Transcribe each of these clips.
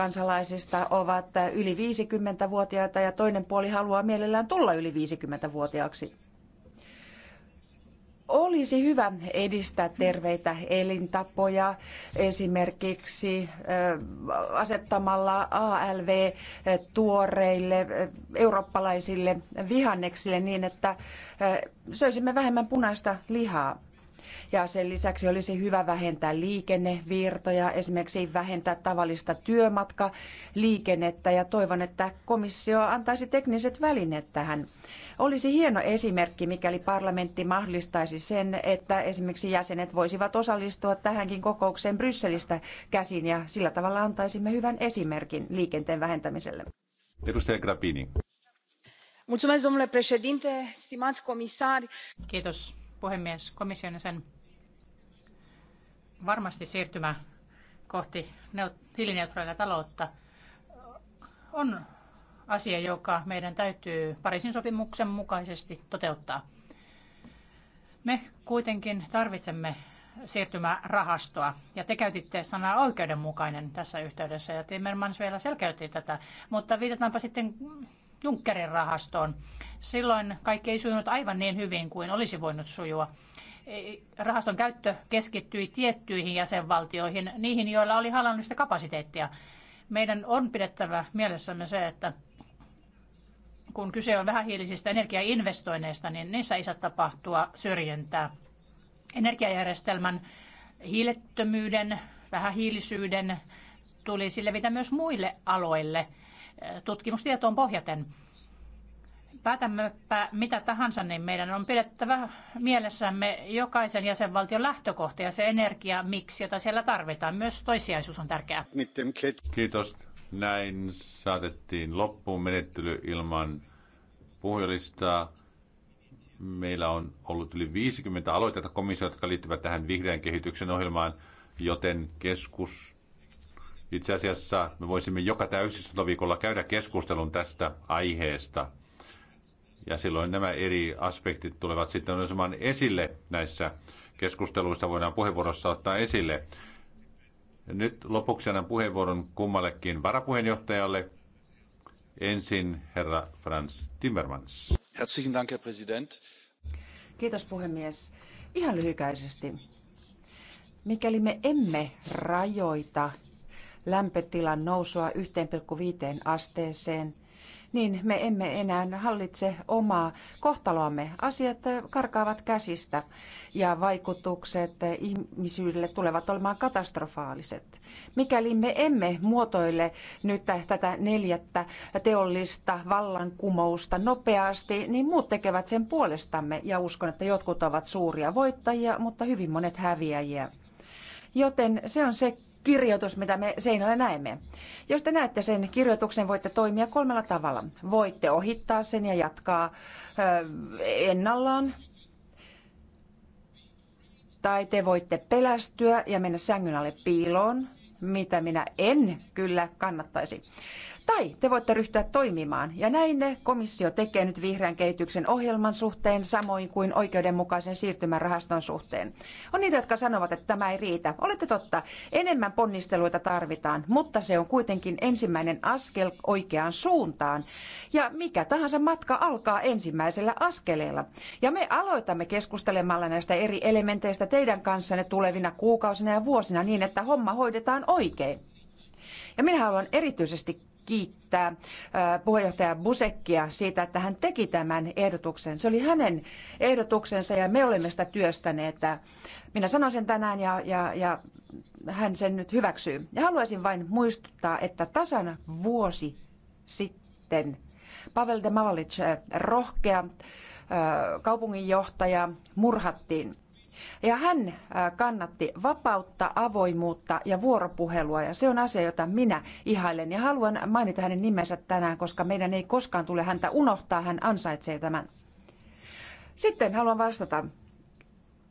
kansalaisista ovat yli 50-vuotiaita ja toinen puoli haluaa mielellään tulla yli 50-vuotiaaksi. Olisi hyvä edistää terveitä elintapoja esimerkiksi asettamalla ALV tuoreille eurooppalaisille vihanneksille niin, että söisimme vähemmän punaista lihaa ja sen lisäksi olisi hyvä vähentää liikennevirtoja, esimerkiksi vähentää tavallista työmatkaliikennettä ja toivon, että komissio antaisi tekniset välineet tähän. Olisi hieno esimerkki, mikäli parlamentti mahdollistaisi sen, että esimerkiksi jäsenet voisivat osallistua tähänkin kokoukseen Brysselistä käsin ja sillä tavalla antaisimme hyvän esimerkin liikenteen vähentämiselle. Edustaja Grappini. Mulțumesc, domnule președinte, stimați comisari. Kiitos, puhemies, komission sen varmasti siirtymä kohti hiilineutraalia taloutta on asia, joka meidän täytyy Pariisin sopimuksen mukaisesti toteuttaa. Me kuitenkin tarvitsemme siirtymärahastoa. Ja te käytitte sanaa oikeudenmukainen tässä yhteydessä ja Timmermans vielä selkeytti tätä. Mutta viitataanpa sitten Junckerin rahastoon. Silloin kaikki ei sujunut aivan niin hyvin kuin olisi voinut sujua. E, rahaston käyttö keskittyi tiettyihin jäsenvaltioihin, niihin, joilla oli hallinnollista kapasiteettia. Meidän on pidettävä mielessämme se, että kun kyse on vähähiilisistä energiainvestoinneista, niin niissä ei saa tapahtua syrjintää. Energiajärjestelmän hiilettömyyden, vähähiilisyyden tulisi levitä myös muille aloille – tutkimustietoon pohjaten. Päätämmepä mitä tahansa, niin meidän on pidettävä mielessämme jokaisen jäsenvaltion lähtökohta ja se energia, miksi, jota siellä tarvitaan. Myös toissijaisuus on tärkeää. Kiitos. Näin saatettiin loppuun menettely ilman puhujalistaa. Meillä on ollut yli 50 aloitetta komissiota, jotka liittyvät tähän vihreän kehityksen ohjelmaan, joten keskus itse asiassa me voisimme joka täysistuntoviikolla käydä keskustelun tästä aiheesta. Ja silloin nämä eri aspektit tulevat sitten nousemaan esille näissä keskusteluissa, voidaan puheenvuorossa ottaa esille. Nyt lopuksi annan puheenvuoron kummallekin varapuheenjohtajalle. Ensin herra Franz Timmermans. Herzlichen Dank, Herr Präsident. Kiitos puhemies. Ihan lyhykäisesti. Mikäli me emme rajoita lämpötilan nousua 1,5 asteeseen, niin me emme enää hallitse omaa kohtaloamme. Asiat karkaavat käsistä ja vaikutukset ihmisyydelle tulevat olemaan katastrofaaliset. Mikäli me emme muotoile nyt tätä neljättä teollista vallankumousta nopeasti, niin muut tekevät sen puolestamme ja uskon, että jotkut ovat suuria voittajia, mutta hyvin monet häviäjiä. Joten se on se kirjoitus, mitä me seinällä näemme. Jos te näette sen kirjoituksen, voitte toimia kolmella tavalla. Voitte ohittaa sen ja jatkaa ennallaan. Tai te voitte pelästyä ja mennä sängyn alle piiloon, mitä minä en kyllä kannattaisi. Tai te voitte ryhtyä toimimaan, ja näin ne komissio tekee nyt vihreän kehityksen ohjelman suhteen, samoin kuin oikeudenmukaisen siirtymän rahaston suhteen. On niitä, jotka sanovat, että tämä ei riitä. Olette totta, enemmän ponnisteluita tarvitaan, mutta se on kuitenkin ensimmäinen askel oikeaan suuntaan. Ja mikä tahansa matka alkaa ensimmäisellä askeleella. Ja me aloitamme keskustelemalla näistä eri elementeistä teidän kanssanne tulevina kuukausina ja vuosina niin, että homma hoidetaan oikein. Ja minä haluan erityisesti kiittää puheenjohtaja Busekkia siitä, että hän teki tämän ehdotuksen. Se oli hänen ehdotuksensa ja me olemme sitä työstäneet. Minä sanon sen tänään ja, ja, ja hän sen nyt hyväksyy. Ja haluaisin vain muistuttaa, että tasan vuosi sitten Pavel de Mavalic, rohkea kaupunginjohtaja, murhattiin. Ja hän äh, kannatti vapautta, avoimuutta ja vuoropuhelua ja se on asia, jota minä ihailen ja haluan mainita hänen nimensä tänään, koska meidän ei koskaan tule häntä unohtaa, hän ansaitsee tämän. Sitten haluan vastata.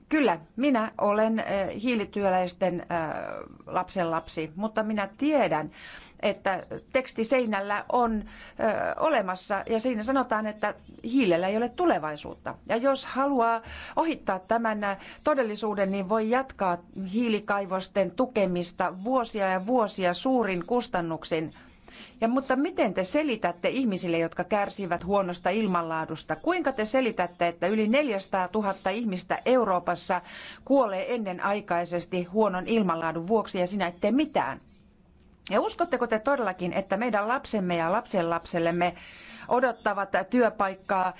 Kyllä, minä olen äh, hiilityöläisten äh, lapsen lapsi, mutta minä tiedän, että teksti seinällä on ö, olemassa ja siinä sanotaan, että hiilellä ei ole tulevaisuutta. Ja jos haluaa ohittaa tämän todellisuuden, niin voi jatkaa hiilikaivosten tukemista vuosia ja vuosia suurin kustannuksin. Ja mutta miten te selitätte ihmisille, jotka kärsivät huonosta ilmanlaadusta? Kuinka te selitätte, että yli 400 000 ihmistä Euroopassa kuolee ennenaikaisesti huonon ilmanlaadun vuoksi ja sinä ette mitään? Ja uskotteko te todellakin, että meidän lapsemme ja lapsenlapsellemme odottavat työpaikkaa äh,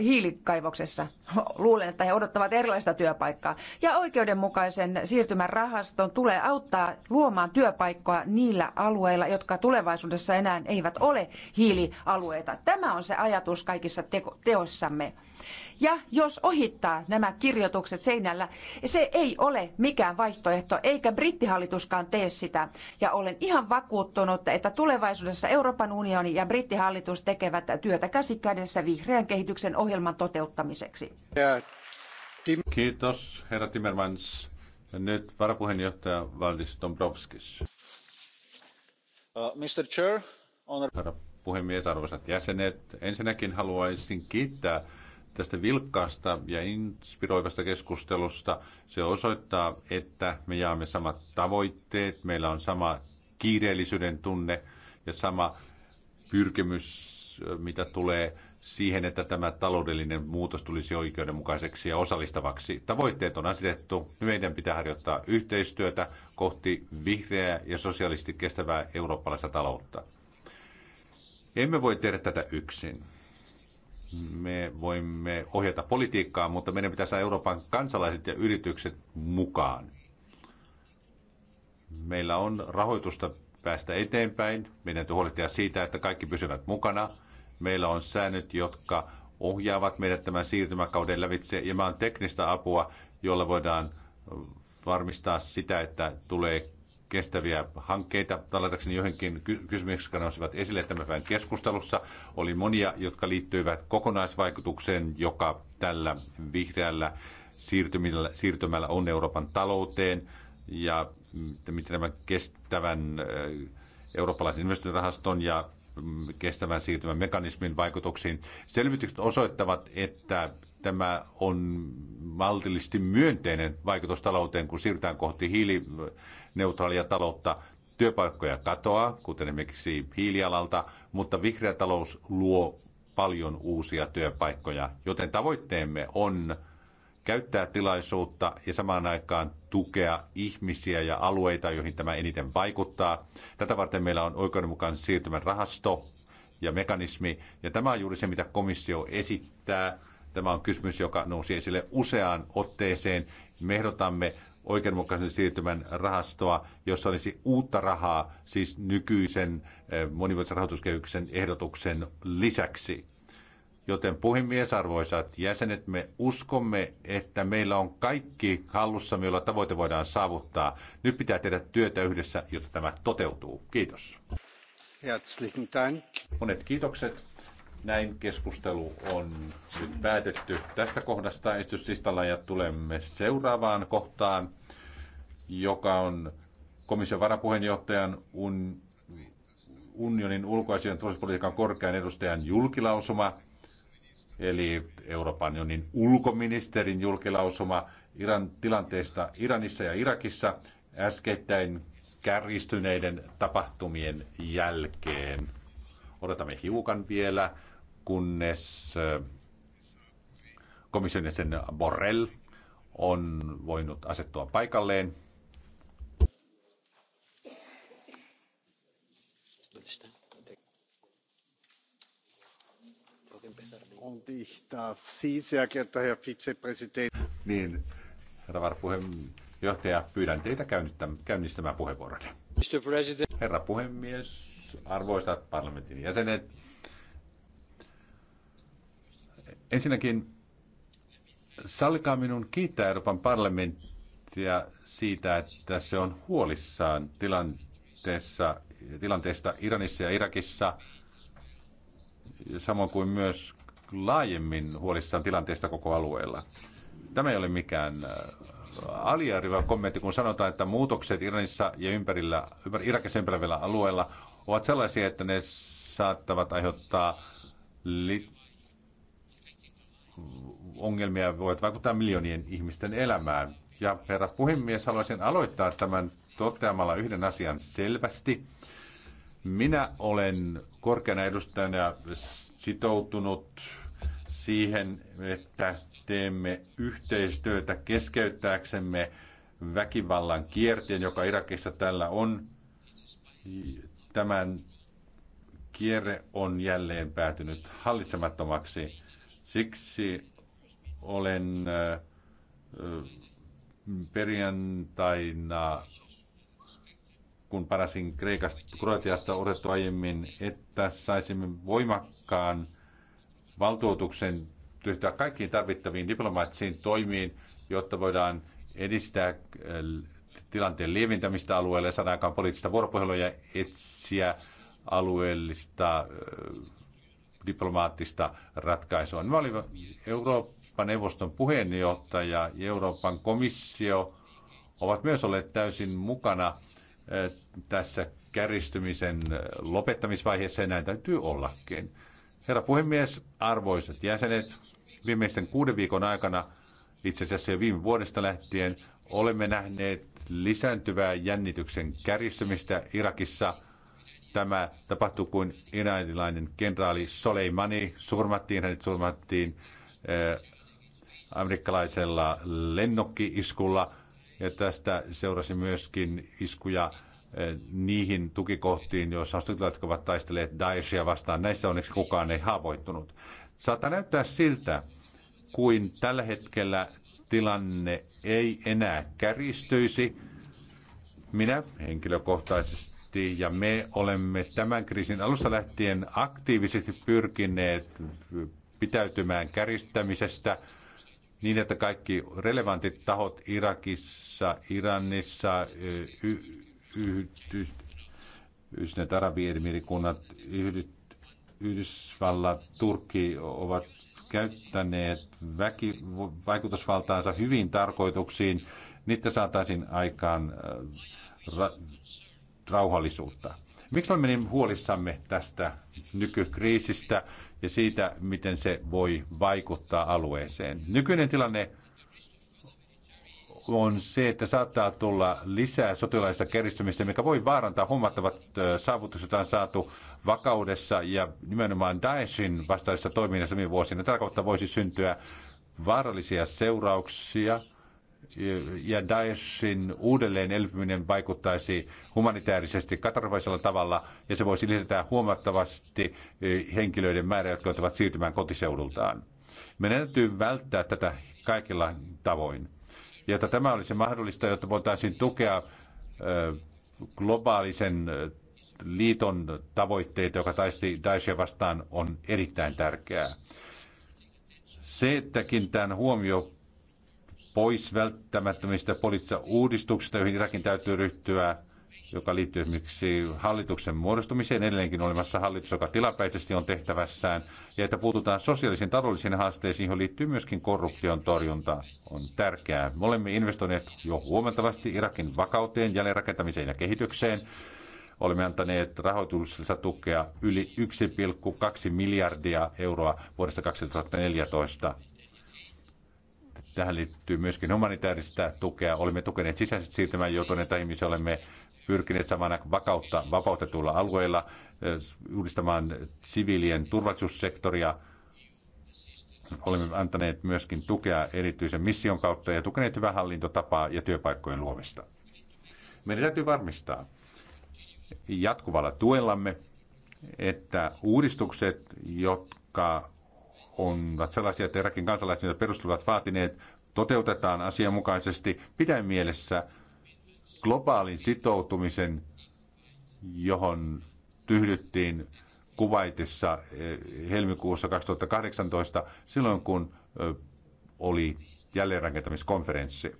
hiilikaivoksessa? Luulen, että he odottavat erilaista työpaikkaa. Ja oikeudenmukaisen siirtymän rahaston tulee auttaa luomaan työpaikkoa niillä alueilla, jotka tulevaisuudessa enää eivät ole hiilialueita. Tämä on se ajatus kaikissa teossamme. Ja jos ohittaa nämä kirjoitukset seinällä, se ei ole mikään vaihtoehto, eikä brittihallituskaan tee sitä. Ja olen ihan vakuuttunut, että tulevaisuudessa Euroopan unioni ja brittihallitus tekevät työtä käsikädessä vihreän kehityksen ohjelman toteuttamiseksi. Kiitos, herra Timmermans. Ja nyt varapuheenjohtaja Valdis Dombrovskis. Uh, Mr. Chair, honor... Herra puhemies, arvoisat jäsenet, ensinnäkin haluaisin kiittää tästä vilkkaasta ja inspiroivasta keskustelusta. Se osoittaa, että me jaamme samat tavoitteet, meillä on sama kiireellisyyden tunne ja sama pyrkimys, mitä tulee siihen, että tämä taloudellinen muutos tulisi oikeudenmukaiseksi ja osallistavaksi. Tavoitteet on asetettu. Meidän pitää harjoittaa yhteistyötä kohti vihreää ja sosiaalisesti kestävää eurooppalaista taloutta. Emme voi tehdä tätä yksin me voimme ohjata politiikkaa, mutta meidän pitää saada Euroopan kansalaiset ja yritykset mukaan. Meillä on rahoitusta päästä eteenpäin. Meidän täytyy huolehtia siitä, että kaikki pysyvät mukana. Meillä on säännöt, jotka ohjaavat meidät tämän siirtymäkauden lävitse. Ja meillä on teknistä apua, jolla voidaan varmistaa sitä, että tulee kestäviä hankkeita. Tallatakseni johonkin kysymyksiin, jotka nousivat esille tämän päivän keskustelussa, oli monia, jotka liittyivät kokonaisvaikutukseen, joka tällä vihreällä siirtymällä, siirtymällä on Euroopan talouteen ja miten nämä kestävän äh, eurooppalaisen investointirahaston ja kestävän siirtymän mekanismin vaikutuksiin. Selvitykset osoittavat, että tämä on maltillisesti myönteinen vaikutus talouteen, kun siirrytään kohti hiili neutraalia taloutta. Työpaikkoja katoaa, kuten esimerkiksi hiilialalta, mutta vihreä talous luo paljon uusia työpaikkoja, joten tavoitteemme on käyttää tilaisuutta ja samaan aikaan tukea ihmisiä ja alueita, joihin tämä eniten vaikuttaa. Tätä varten meillä on oikeudenmukainen siirtymän rahasto ja mekanismi, ja tämä on juuri se, mitä komissio esittää Tämä on kysymys, joka nousi esille useaan otteeseen. Me ehdotamme oikeudenmukaisen siirtymän rahastoa, jossa olisi uutta rahaa, siis nykyisen eh, monivuotisen rahoituskehyksen ehdotuksen lisäksi. Joten puhemies, arvoisat jäsenet, me uskomme, että meillä on kaikki hallussa, jolla tavoite voidaan saavuttaa. Nyt pitää tehdä työtä yhdessä, jotta tämä toteutuu. Kiitos. Herzlichen Dank. Monet kiitokset. Näin keskustelu on nyt päätetty tästä kohdasta esityslistalla ja tulemme seuraavaan kohtaan, joka on komission varapuheenjohtajan un, unionin ulkoasian turvallisuuspolitiikan korkean edustajan julkilausuma, eli Euroopan unionin ulkoministerin julkilausuma Iran tilanteesta Iranissa ja Irakissa äskettäin kärjistyneiden tapahtumien jälkeen. Odotamme hiukan vielä kunnes komission jäsen Borrell on voinut asettua paikalleen. Niin, herra varapuheenjohtaja, pyydän teitä käynnistämään puheenvuoron. Herra puhemies, arvoisat parlamentin jäsenet, Ensinnäkin sallikaa minun kiittää Euroopan parlamenttia siitä, että se on huolissaan tilanteessa, tilanteesta Iranissa ja Irakissa, samoin kuin myös laajemmin huolissaan tilanteesta koko alueella. Tämä ei ole mikään äh, aliarviva kommentti, kun sanotaan, että muutokset Iranissa ja ympärillä, Irakissa ympärillä alueella ovat sellaisia, että ne saattavat aiheuttaa li- ongelmia voivat vaikuttaa miljoonien ihmisten elämään. Ja herra puhemies, haluaisin aloittaa tämän toteamalla yhden asian selvästi. Minä olen korkeana edustajana sitoutunut siihen, että teemme yhteistyötä keskeyttääksemme väkivallan kierteen, joka Irakissa tällä on. Tämän kierre on jälleen päätynyt hallitsemattomaksi. Siksi olen äh, perjantaina, kun parasin Kreikasta, Kroatiasta odottu aiemmin, että saisimme voimakkaan valtuutuksen ryhtyä kaikkiin tarvittaviin diplomaattisiin toimiin, jotta voidaan edistää äh, tilanteen lievintämistä alueelle, saadaan poliittista vuoropuhelua ja etsiä alueellista äh, diplomaattista ratkaisua. Mä olin Euroopan neuvoston puheenjohtaja ja Euroopan komissio ovat myös olleet täysin mukana eh, tässä käristymisen eh, lopettamisvaiheessa ja näin täytyy ollakin. Herra puhemies, arvoisat jäsenet, viimeisten kuuden viikon aikana, itse asiassa jo viime vuodesta lähtien, olemme nähneet lisääntyvää jännityksen käristymistä Irakissa – tämä tapahtui, kun iranilainen kenraali Soleimani surmattiin, hänet surmattiin eh, amerikkalaisella lennokkiiskulla. ja tästä seurasi myöskin iskuja eh, niihin tukikohtiin, joissa sotilaat ovat taistelleet Daeshia vastaan. Näissä onneksi kukaan ei haavoittunut. Saattaa näyttää siltä, kuin tällä hetkellä tilanne ei enää käristyisi. Minä henkilökohtaisesti asti ja me olemme tämän kriisin alusta lähtien aktiivisesti pyrkineet pitäytymään käristämisestä niin, että kaikki relevantit tahot Irakissa, Iranissa, y- y- Yhdistyneet Yhdysvallat, Turkki ovat käyttäneet väki- vaikutusvaltaansa hyvin tarkoituksiin, niitä saataisiin aikaan äh, ra- rauhallisuutta. Miksi olemme niin huolissamme tästä nykykriisistä ja siitä, miten se voi vaikuttaa alueeseen? Nykyinen tilanne on se, että saattaa tulla lisää sotilaista keristymistä, mikä voi vaarantaa huomattavat saavutukset, joita on saatu vakaudessa ja nimenomaan Daeshin vastaisessa toiminnassa viime vuosina. kautta voisi syntyä vaarallisia seurauksia – ja Daeshin uudelleen elpyminen vaikuttaisi humanitaarisesti katarvaisella tavalla ja se voisi lisätä huomattavasti eh, henkilöiden määrää, jotka joutuvat siirtymään kotiseudultaan. Meidän täytyy välttää tätä kaikilla tavoin. Jotta tämä olisi mahdollista, jotta voitaisiin tukea eh, globaalisen eh, liiton tavoitteita, joka taisti Daeshia vastaan, on erittäin tärkeää. Se, että tämän huomio pois välttämättömistä poliittisista uudistuksista, joihin Irakin täytyy ryhtyä, joka liittyy esimerkiksi hallituksen muodostumiseen, edelleenkin olemassa hallitus, joka tilapäisesti on tehtävässään, ja että puututaan sosiaalisiin taloudellisiin haasteisiin, joihin liittyy myöskin korruption torjunta, on tärkeää. Me olemme investoineet jo huomattavasti Irakin vakauteen, jälleenrakentamiseen ja kehitykseen. Olemme antaneet rahoituksellista tukea yli 1,2 miljardia euroa vuodesta 2014 Tähän liittyy myöskin humanitaarista tukea. Olemme tukeneet sisäisesti siirtymään joutuneita ihmisiä, olemme pyrkineet samana vakautta vapautetuilla alueilla, eh, uudistamaan siviilien turvallisuussektoria. Olemme antaneet myöskin tukea erityisen mission kautta ja tukeneet hyvää hallintotapaa ja työpaikkojen luomista. Meidän täytyy varmistaa jatkuvalla tuellamme, että uudistukset, jotka ovat sellaisia, että Irakin kansalaiset, joita perustuvat vaatineet, toteutetaan asianmukaisesti, pitäen mielessä globaalin sitoutumisen, johon tyhdyttiin Kuvaitissa eh, helmikuussa 2018, silloin kun oli jälleenrakentamiskonferenssi.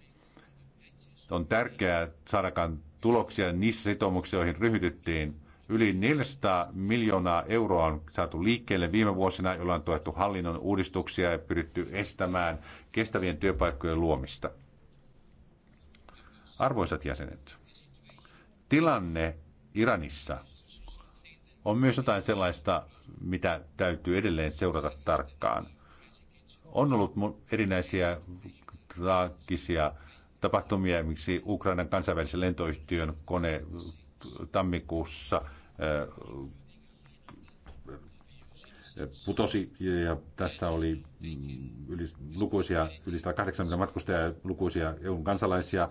On tärkeää saada tuloksia niissä sitoumuksissa, joihin ryhdyttiin – Yli 400 miljoonaa euroa on saatu liikkeelle viime vuosina, jolla on tuettu hallinnon uudistuksia ja pyritty estämään kestävien työpaikkojen luomista. Arvoisat jäsenet, tilanne Iranissa on myös jotain sellaista, mitä täytyy edelleen seurata tarkkaan. On ollut erinäisiä traagisia tapahtumia, miksi Ukrainan kansainvälisen lentoyhtiön kone tammikuussa – putosi ja tässä oli yli, lukuisia, yli 180 matkustajaa ja lukuisia EUn kansalaisia.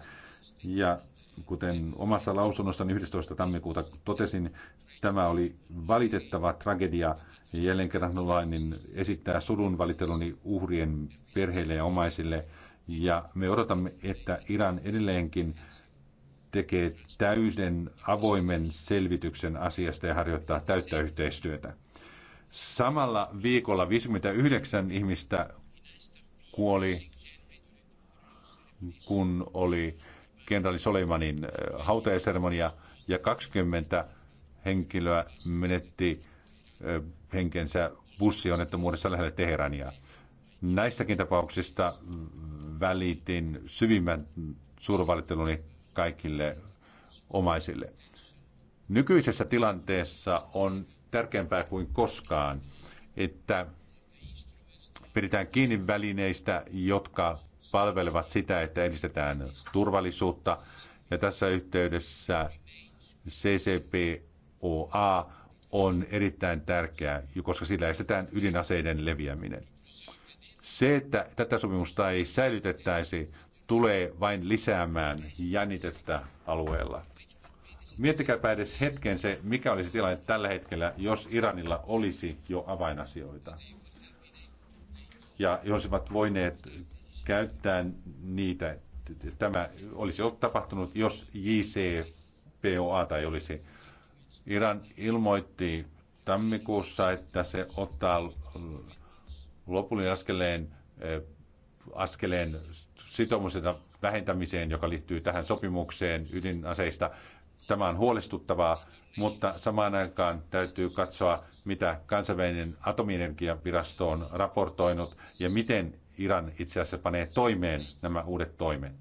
Ja kuten omassa lausunnossani 11. tammikuuta totesin, tämä oli valitettava tragedia. jälleen kerran niin esittää surun valitteluni uhrien perheille ja omaisille. Ja me odotamme, että Iran edelleenkin tekee täyden avoimen selvityksen asiasta ja harjoittaa täyttä yhteistyötä. Samalla viikolla 59 ihmistä kuoli, kun oli kenraali Soleimanin äh, hautajaseremonia ja 20 henkilöä menetti äh, henkensä bussionnettomuudessa lähellä Teherania. Näistäkin tapauksista välitin syvimmän survalitteluni kaikille omaisille. Nykyisessä tilanteessa on tärkeämpää kuin koskaan, että pidetään kiinni välineistä, jotka palvelevat sitä, että edistetään turvallisuutta. Ja tässä yhteydessä CCPOA on erittäin tärkeää, koska sillä estetään ydinaseiden leviäminen. Se, että tätä sopimusta ei säilytettäisi, tulee vain lisäämään jännitettä alueella. Miettikääpä edes hetken se, mikä olisi tilanne tällä hetkellä, jos Iranilla olisi jo avainasioita. Ja jos ovat voineet käyttää niitä, tämä olisi ollut tapahtunut, jos JCPOA tai olisi. Iran ilmoitti tammikuussa, että se ottaa lopullinen askeleen eh, askeleen sitoumuksen vähentämiseen, joka liittyy tähän sopimukseen ydinaseista. Tämä on huolestuttavaa, mutta samaan aikaan täytyy katsoa, mitä kansainvälinen atomienergiavirasto on raportoinut ja miten Iran itse asiassa panee toimeen nämä uudet toimet.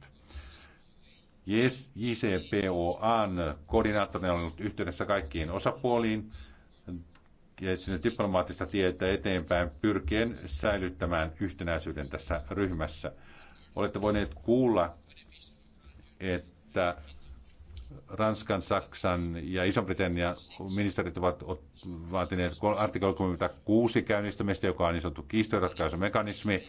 JCPOAn koordinaattorina on ollut yhteydessä kaikkiin osapuoliin etsinyt diplomaattista tietä eteenpäin pyrkien säilyttämään yhtenäisyyden tässä ryhmässä. Olette voineet kuulla, että Ranskan, Saksan ja Iso-Britannian ministerit ovat vaatineet artikla 36 käynnistämistä, joka on niin sanottu kiistoratkaisumekanismi,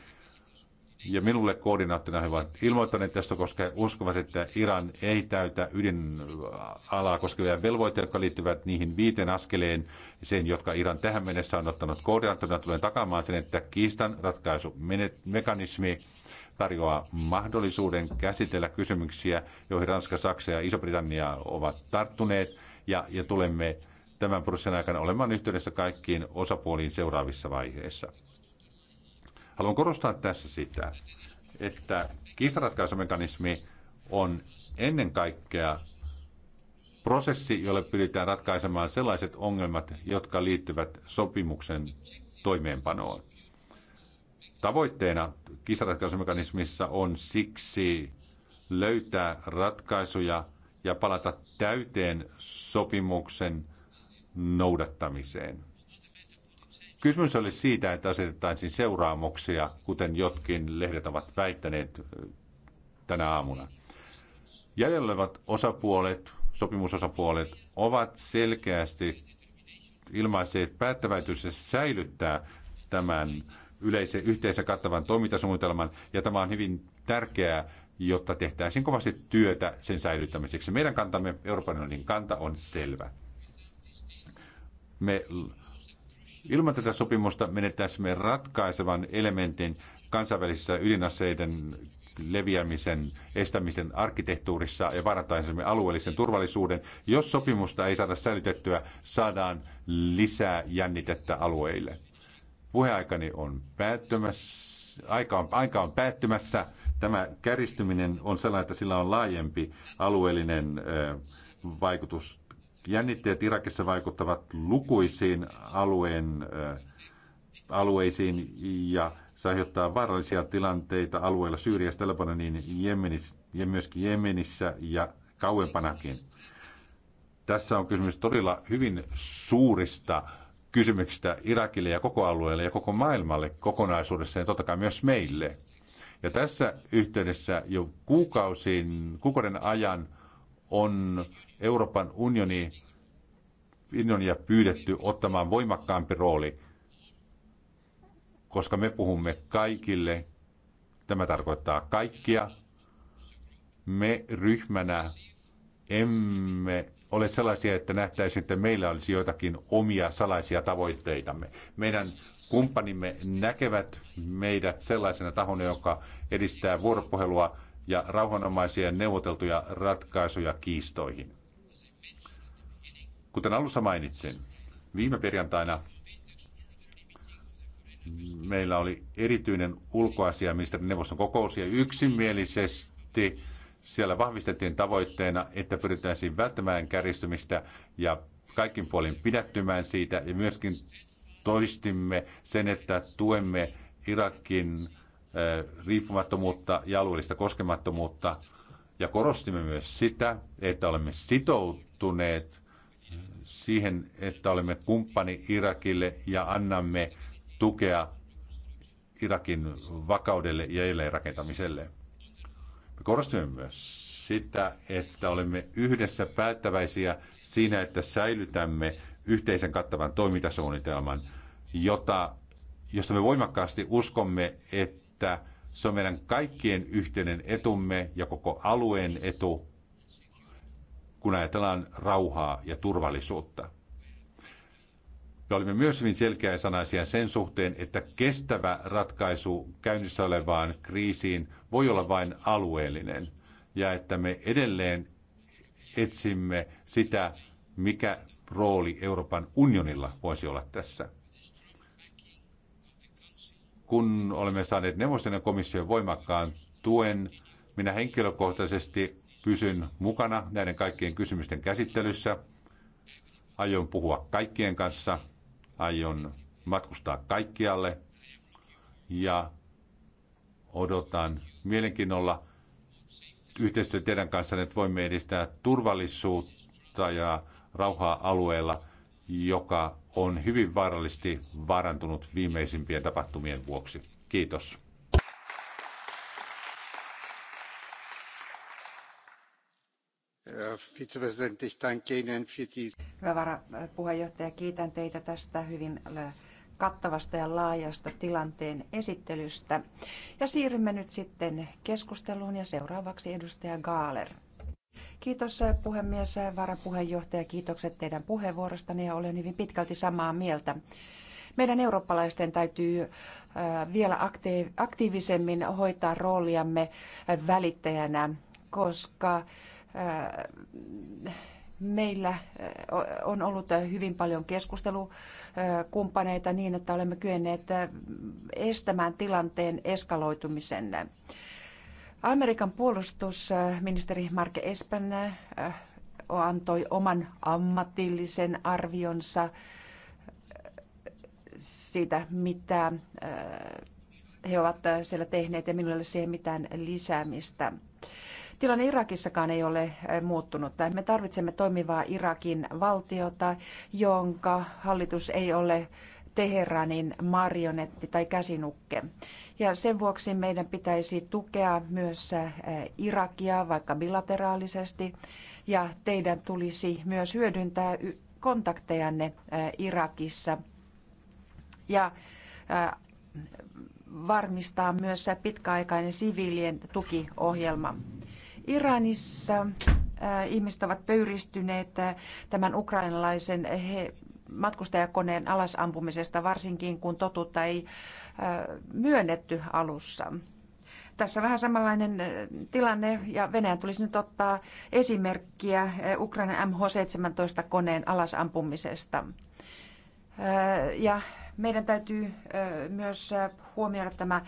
ja minulle koordinaattina he ovat ilmoittaneet tästä, koska he uskovat, että Iran ei täytä ydinalaa koskevia velvoitteita, jotka liittyvät niihin viiteen askeleen, sen, jotka Iran tähän mennessä on ottanut koordinaattina, tulee takaamaan sen, että kiistan ratkaisumekanismi tarjoaa mahdollisuuden käsitellä kysymyksiä, joihin Ranska, Saksa ja Iso-Britannia ovat tarttuneet, ja, ja tulemme tämän prosessin aikana olemaan yhteydessä kaikkiin osapuoliin seuraavissa vaiheissa. Haluan korostaa tässä sitä, että kiistaratkaisumekanismi on ennen kaikkea prosessi, jolle pyritään ratkaisemaan sellaiset ongelmat, jotka liittyvät sopimuksen toimeenpanoon. Tavoitteena kiistaratkaisumekanismissa on siksi löytää ratkaisuja ja palata täyteen sopimuksen noudattamiseen. Kysymys oli siitä, että asetettaisiin seuraamuksia, kuten jotkin lehdet ovat väittäneet tänä aamuna. Jäljellä olevat osapuolet, sopimusosapuolet, ovat selkeästi ilmaiseet päättäväisyydessä säilyttää tämän yleisen, yhteisen kattavan toimintasuunnitelman, ja tämä on hyvin tärkeää, jotta tehtäisiin kovasti työtä sen säilyttämiseksi. Meidän kantamme, Euroopan unionin kanta, on selvä. Me Ilman tätä sopimusta menettäisimme ratkaisevan elementin kansainvälisessä ydinaseiden leviämisen estämisen arkkitehtuurissa ja varataisimme alueellisen turvallisuuden. Jos sopimusta ei saada säilytettyä, saadaan lisää jännitettä alueille. Puheaikani on päättymässä, aika on, aika on päättymässä. Tämä käristyminen on sellainen, että sillä on laajempi alueellinen vaikutus Jännitteet Irakissa vaikuttavat lukuisiin alueen, alueisiin ja se aiheuttaa vaarallisia tilanteita alueilla Syyriassa, Lebanoniin, Jemenissä ja myöskin Jemenissä ja kauempanakin. Tässä on kysymys todella hyvin suurista kysymyksistä Irakille ja koko alueelle ja koko maailmalle kokonaisuudessaan ja totta kai myös meille. Ja tässä yhteydessä jo kuukausin, kuukauden ajan on Euroopan unioni, unionia pyydetty ottamaan voimakkaampi rooli, koska me puhumme kaikille, tämä tarkoittaa kaikkia, me ryhmänä emme ole sellaisia, että nähtäisiin, että meillä olisi joitakin omia salaisia tavoitteitamme. Meidän kumppanimme näkevät meidät sellaisena tahona, joka edistää vuoropuhelua ja rauhanomaisia neuvoteltuja ratkaisuja kiistoihin. Kuten alussa mainitsin, viime perjantaina meillä oli erityinen Neuvoston kokous ja yksimielisesti siellä vahvistettiin tavoitteena, että pyritäisiin välttämään kärjistymistä ja kaikin puolin pidättymään siitä ja myöskin toistimme sen, että tuemme Irakin riippumattomuutta ja alueellista koskemattomuutta. Ja korostimme myös sitä, että olemme sitoutuneet siihen, että olemme kumppani Irakille ja annamme tukea Irakin vakaudelle ja jälleenrakentamiselle. Me korostimme myös sitä, että olemme yhdessä päättäväisiä siinä, että säilytämme yhteisen kattavan toimintasuunnitelman, jota, josta me voimakkaasti uskomme, että että se on meidän kaikkien yhteinen etumme ja koko alueen etu, kun ajatellaan rauhaa ja turvallisuutta. Me olimme myös hyvin sanaisia sen suhteen, että kestävä ratkaisu käynnissä olevaan kriisiin voi olla vain alueellinen ja että me edelleen etsimme sitä, mikä rooli Euroopan unionilla voisi olla tässä kun olemme saaneet neuvoston ja komission voimakkaan tuen, minä henkilökohtaisesti pysyn mukana näiden kaikkien kysymysten käsittelyssä. Aion puhua kaikkien kanssa, aion matkustaa kaikkialle ja odotan mielenkiinnolla yhteistyötä teidän kanssa, että voimme edistää turvallisuutta ja rauhaa alueella, joka on hyvin vaarallisesti vaarantunut viimeisimpien tapahtumien vuoksi. Kiitos. Hyvä varapuheenjohtaja, kiitän teitä tästä hyvin äh, kattavasta ja laajasta tilanteen esittelystä. Ja siirrymme nyt sitten keskusteluun ja seuraavaksi edustaja Gaaler. Kiitos eh, puhemies, eh, varapuheenjohtaja. Kiitokset teidän puheenvuorostanne ja olen hyvin pitkälti samaa mieltä. Meidän eurooppalaisten täytyy eh, vielä aktiivisemmin hoitaa rooliamme välittäjänä, koska meillä on ollut hyvin paljon keskustelukumppaneita niin, että olemme kyenneet estämään tilanteen eskaloitumisen. Amerikan puolustusministeri Mark Espen äh, antoi oman ammatillisen arvionsa äh, siitä, mitä äh, he ovat siellä tehneet ja minulla ei ole siihen mitään lisäämistä. Tilanne Irakissakaan ei ole muuttunut. Me tarvitsemme toimivaa Irakin valtiota, jonka hallitus ei ole Teheranin marionetti tai käsinukke. Ja sen vuoksi meidän pitäisi tukea myös äh, Irakia vaikka bilateraalisesti ja teidän tulisi myös hyödyntää kontaktejanne äh, Irakissa ja äh, varmistaa myös pitkäaikainen siviilien tukiohjelma. Iranissa ihmiset ovat pöyristyneet tämän ukrainalaisen he, matkustajakoneen alasampumisesta, varsinkin kun totuutta ei myönnetty alussa. Tässä vähän samanlainen tilanne ja Venäjän tulisi nyt ottaa esimerkkiä Ukrainan MH17-koneen alasampumisesta. Ja meidän täytyy myös huomioida tämä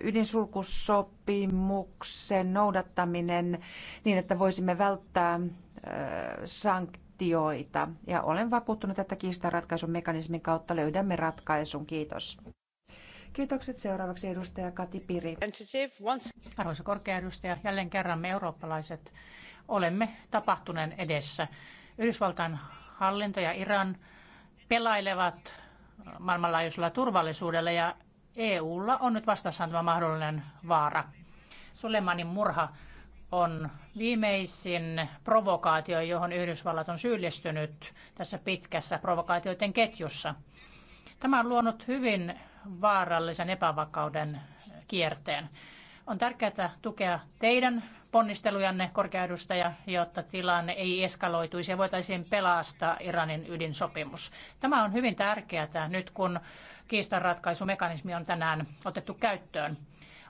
ydinsulkusopimuksen noudattaminen niin, että voisimme välttää sanktioita valtioita. Ja olen vakuuttunut, että kiistanratkaisun mekanismin kautta löydämme ratkaisun. Kiitos. Kiitokset seuraavaksi edustaja Kati Piri. Arvoisa korkea edustaja, jälleen kerran me eurooppalaiset olemme tapahtuneen edessä. Yhdysvaltain hallinto ja Iran pelailevat maailmanlaajuisella turvallisuudella ja EUlla on nyt vastassaan tämä mahdollinen vaara. Sulemanin murha on viimeisin provokaatio, johon Yhdysvallat on syyllistynyt tässä pitkässä provokaatioiden ketjussa. Tämä on luonut hyvin vaarallisen epävakauden kierteen. On tärkeää tukea teidän ponnistelujanne, korkeaedustaja, jotta tilanne ei eskaloituisi ja voitaisiin pelastaa Iranin ydinsopimus. Tämä on hyvin tärkeää nyt, kun kiistanratkaisumekanismi on tänään otettu käyttöön.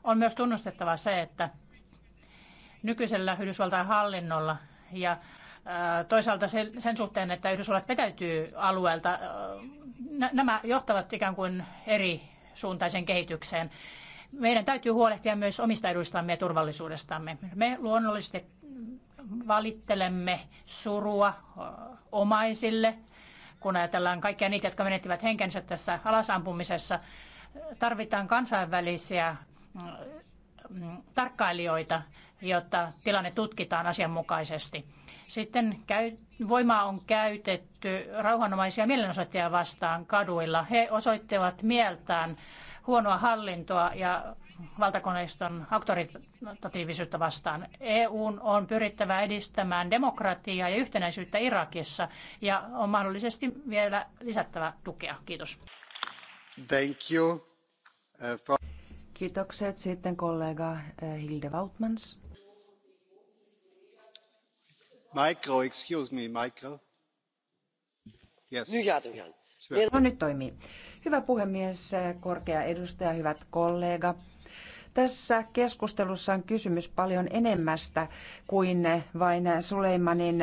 On myös tunnustettava se, että nykyisellä Yhdysvaltain hallinnolla ja äh, toisaalta sen, sen suhteen, että Yhdysvallat vetäytyy alueelta, äh, nämä johtavat ikään kuin eri suuntaisen kehitykseen. Meidän täytyy huolehtia myös omista eduistamme ja turvallisuudestamme. Me luonnollisesti valittelemme surua äh, omaisille, kun ajatellaan kaikkia niitä, jotka menettivät henkensä tässä alasampumisessa. Tarvitaan kansainvälisiä tarkkailijoita jotta tilanne tutkitaan asianmukaisesti. Sitten käy, voimaa on käytetty rauhanomaisia mielenosoittajia vastaan kaduilla. He osoittivat mieltään huonoa hallintoa ja valtakoneiston auktoritatiivisuutta vastaan. EU on pyrittävä edistämään demokratiaa ja yhtenäisyyttä Irakissa ja on mahdollisesti vielä lisättävä tukea. Kiitos. Thank you. Uh, Kiitokset sitten kollega eh, Hilde Vautmans nyt no, Hyvä puhemies, eh, korkea edustaja, hyvät kollegat. Tässä keskustelussa on kysymys paljon enemmästä kuin eh, vain eh, soleimanin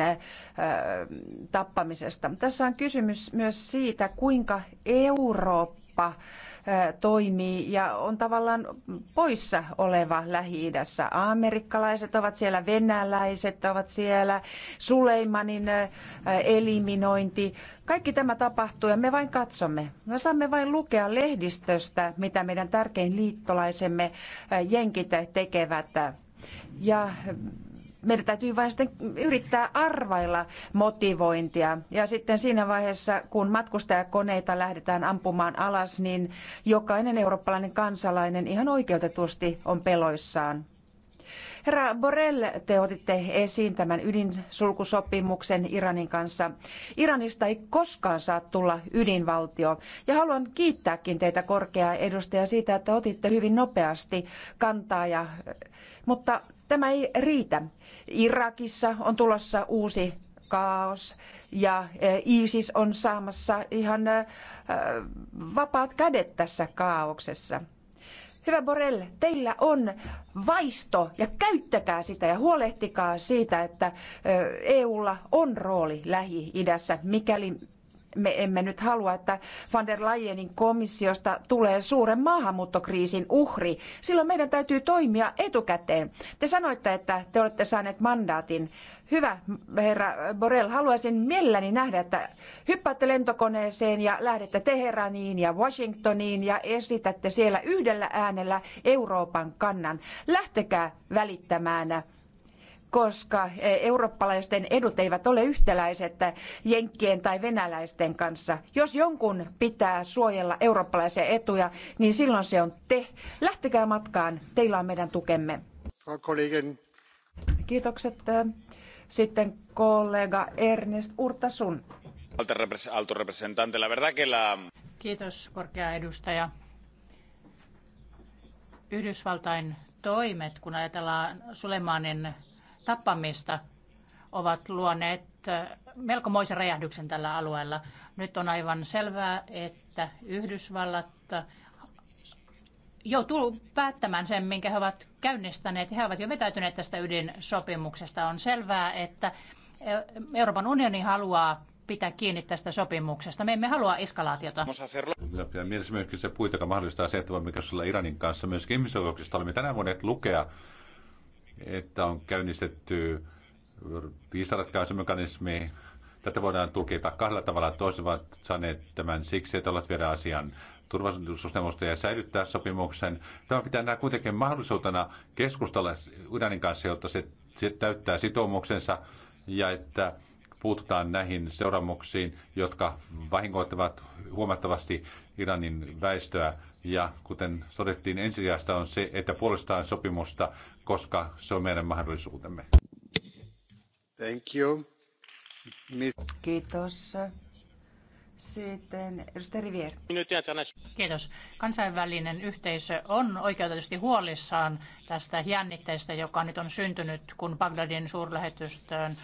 tappamisesta. Tässä on kysymys myös siitä, kuinka Eurooppa kauppa toimii ja on tavallaan poissa oleva Lähi-idässä. Amerikkalaiset ovat siellä, venäläiset ovat siellä, Suleimanin eliminointi. Kaikki tämä tapahtuu ja me vain katsomme. Me saamme vain lukea lehdistöstä, mitä meidän tärkein liittolaisemme jenkit tekevät. Ja meidän täytyy vain sitten yrittää arvailla motivointia. Ja sitten siinä vaiheessa, kun matkustajakoneita lähdetään ampumaan alas, niin jokainen eurooppalainen kansalainen ihan oikeutetusti on peloissaan. Herra Borrell, te otitte esiin tämän ydinsulkusopimuksen Iranin kanssa. Iranista ei koskaan saa tulla ydinvaltio. Ja haluan kiittääkin teitä korkeaa edustajaa siitä, että otitte hyvin nopeasti kantaa. Ja, mutta tämä ei riitä. Irakissa on tulossa uusi kaos ja e, ISIS on saamassa ihan e, vapaat kädet tässä kaauksessa. Hyvä Borrell, teillä on vaisto ja käyttäkää sitä ja huolehtikaa siitä, että e, EUlla on rooli Lähi-idässä, mikäli me emme nyt halua, että van der Leyenin komissiosta tulee suuren maahanmuuttokriisin uhri. Silloin meidän täytyy toimia etukäteen. Te sanoitte, että te olette saaneet mandaatin. Hyvä, herra Borrell, haluaisin mielelläni nähdä, että hyppäätte lentokoneeseen ja lähdette Teheraniin ja Washingtoniin ja esitätte siellä yhdellä äänellä Euroopan kannan. Lähtekää välittämään koska e, eurooppalaisten edut eivät ole yhtäläiset jenkkien tai venäläisten kanssa. Jos jonkun pitää suojella eurooppalaisia etuja, niin silloin se on te. Lähtekää matkaan, teillä on meidän tukemme. Kiitokset. Sitten kollega Ernest Urtasun. Alto representante, la verdad que la... Kiitos korkea edustaja. Yhdysvaltain toimet, kun ajatellaan Sulemanin tappamista ovat luoneet melkomoisen räjähdyksen tällä alueella. Nyt on aivan selvää, että Yhdysvallat joutuu päättämään sen, minkä he ovat käynnistäneet. He ovat jo vetäytyneet tästä ydinsopimuksesta. On selvää, että Euroopan unioni haluaa pitää kiinni tästä sopimuksesta. Me emme halua eskalaatiota. Mielestäni myöskin se puita, joka mahdollistaa se, että voimme keskustella Iranin kanssa myöskin ihmisoikeuksista. Olemme tänään voineet lukea että on käynnistetty viisaratkaisumekanismi. Tätä voidaan tulkita kahdella tavalla. Toiset ovat saaneet tämän siksi, että ovat vielä asian turvallisuusneuvosto ja säilyttää sopimuksen. Tämä pitää nähdä kuitenkin mahdollisuutena keskustella Iranin kanssa, jotta se, se täyttää sitoumuksensa ja että puututaan näihin seuraamuksiin, jotka vahingoittavat huomattavasti Iranin väestöä. Ja kuten todettiin, ensisijaista on se, että puolestaan sopimusta, koska se on meidän mahdollisuutemme. Thank you. Kiitos. Sitten edustaja Rivier. Kiitos. Kansainvälinen yhteisö on oikeutetusti huolissaan tästä jännitteestä, joka nyt on syntynyt, kun Bagdadin suurlähetystöön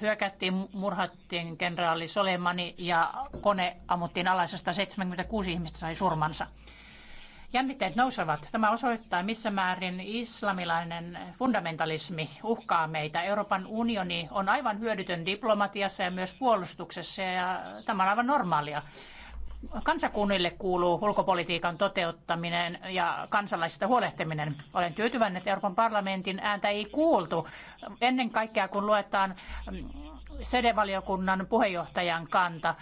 hyökättiin, murhattiin kenraali Soleimani ja kone ammuttiin alas, 176 ihmistä sai surmansa. Jännitteet nousevat. Tämä osoittaa, missä määrin islamilainen fundamentalismi uhkaa meitä. Euroopan unioni on aivan hyödytön diplomatiassa ja myös puolustuksessa, ja tämä on aivan normaalia kansakunnille kuuluu ulkopolitiikan toteuttaminen ja kansalaisista huolehtiminen. Olen tyytyväinen, että Euroopan parlamentin ääntä ei kuultu. Ennen kaikkea kun luetaan mm, sedevaliokunnan valiokunnan puheenjohtajan kanta,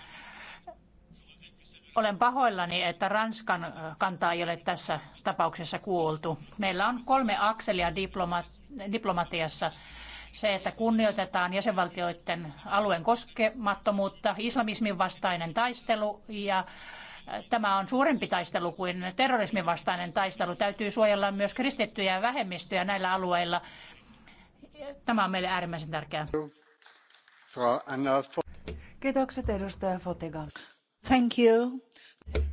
olen pahoillani, että Ranskan kantaa ei ole tässä tapauksessa kuultu. Meillä on kolme akselia diploma- diplomatiassa se, että kunnioitetaan jäsenvaltioiden alueen koskemattomuutta, islamismin vastainen taistelu ja äh, tämä on suurempi taistelu kuin terrorismin vastainen taistelu. Täytyy suojella myös kristittyjä vähemmistöjä näillä alueilla. Tämä on meille äärimmäisen tärkeää. Kiitokset edustaja Fotiga. Thank you.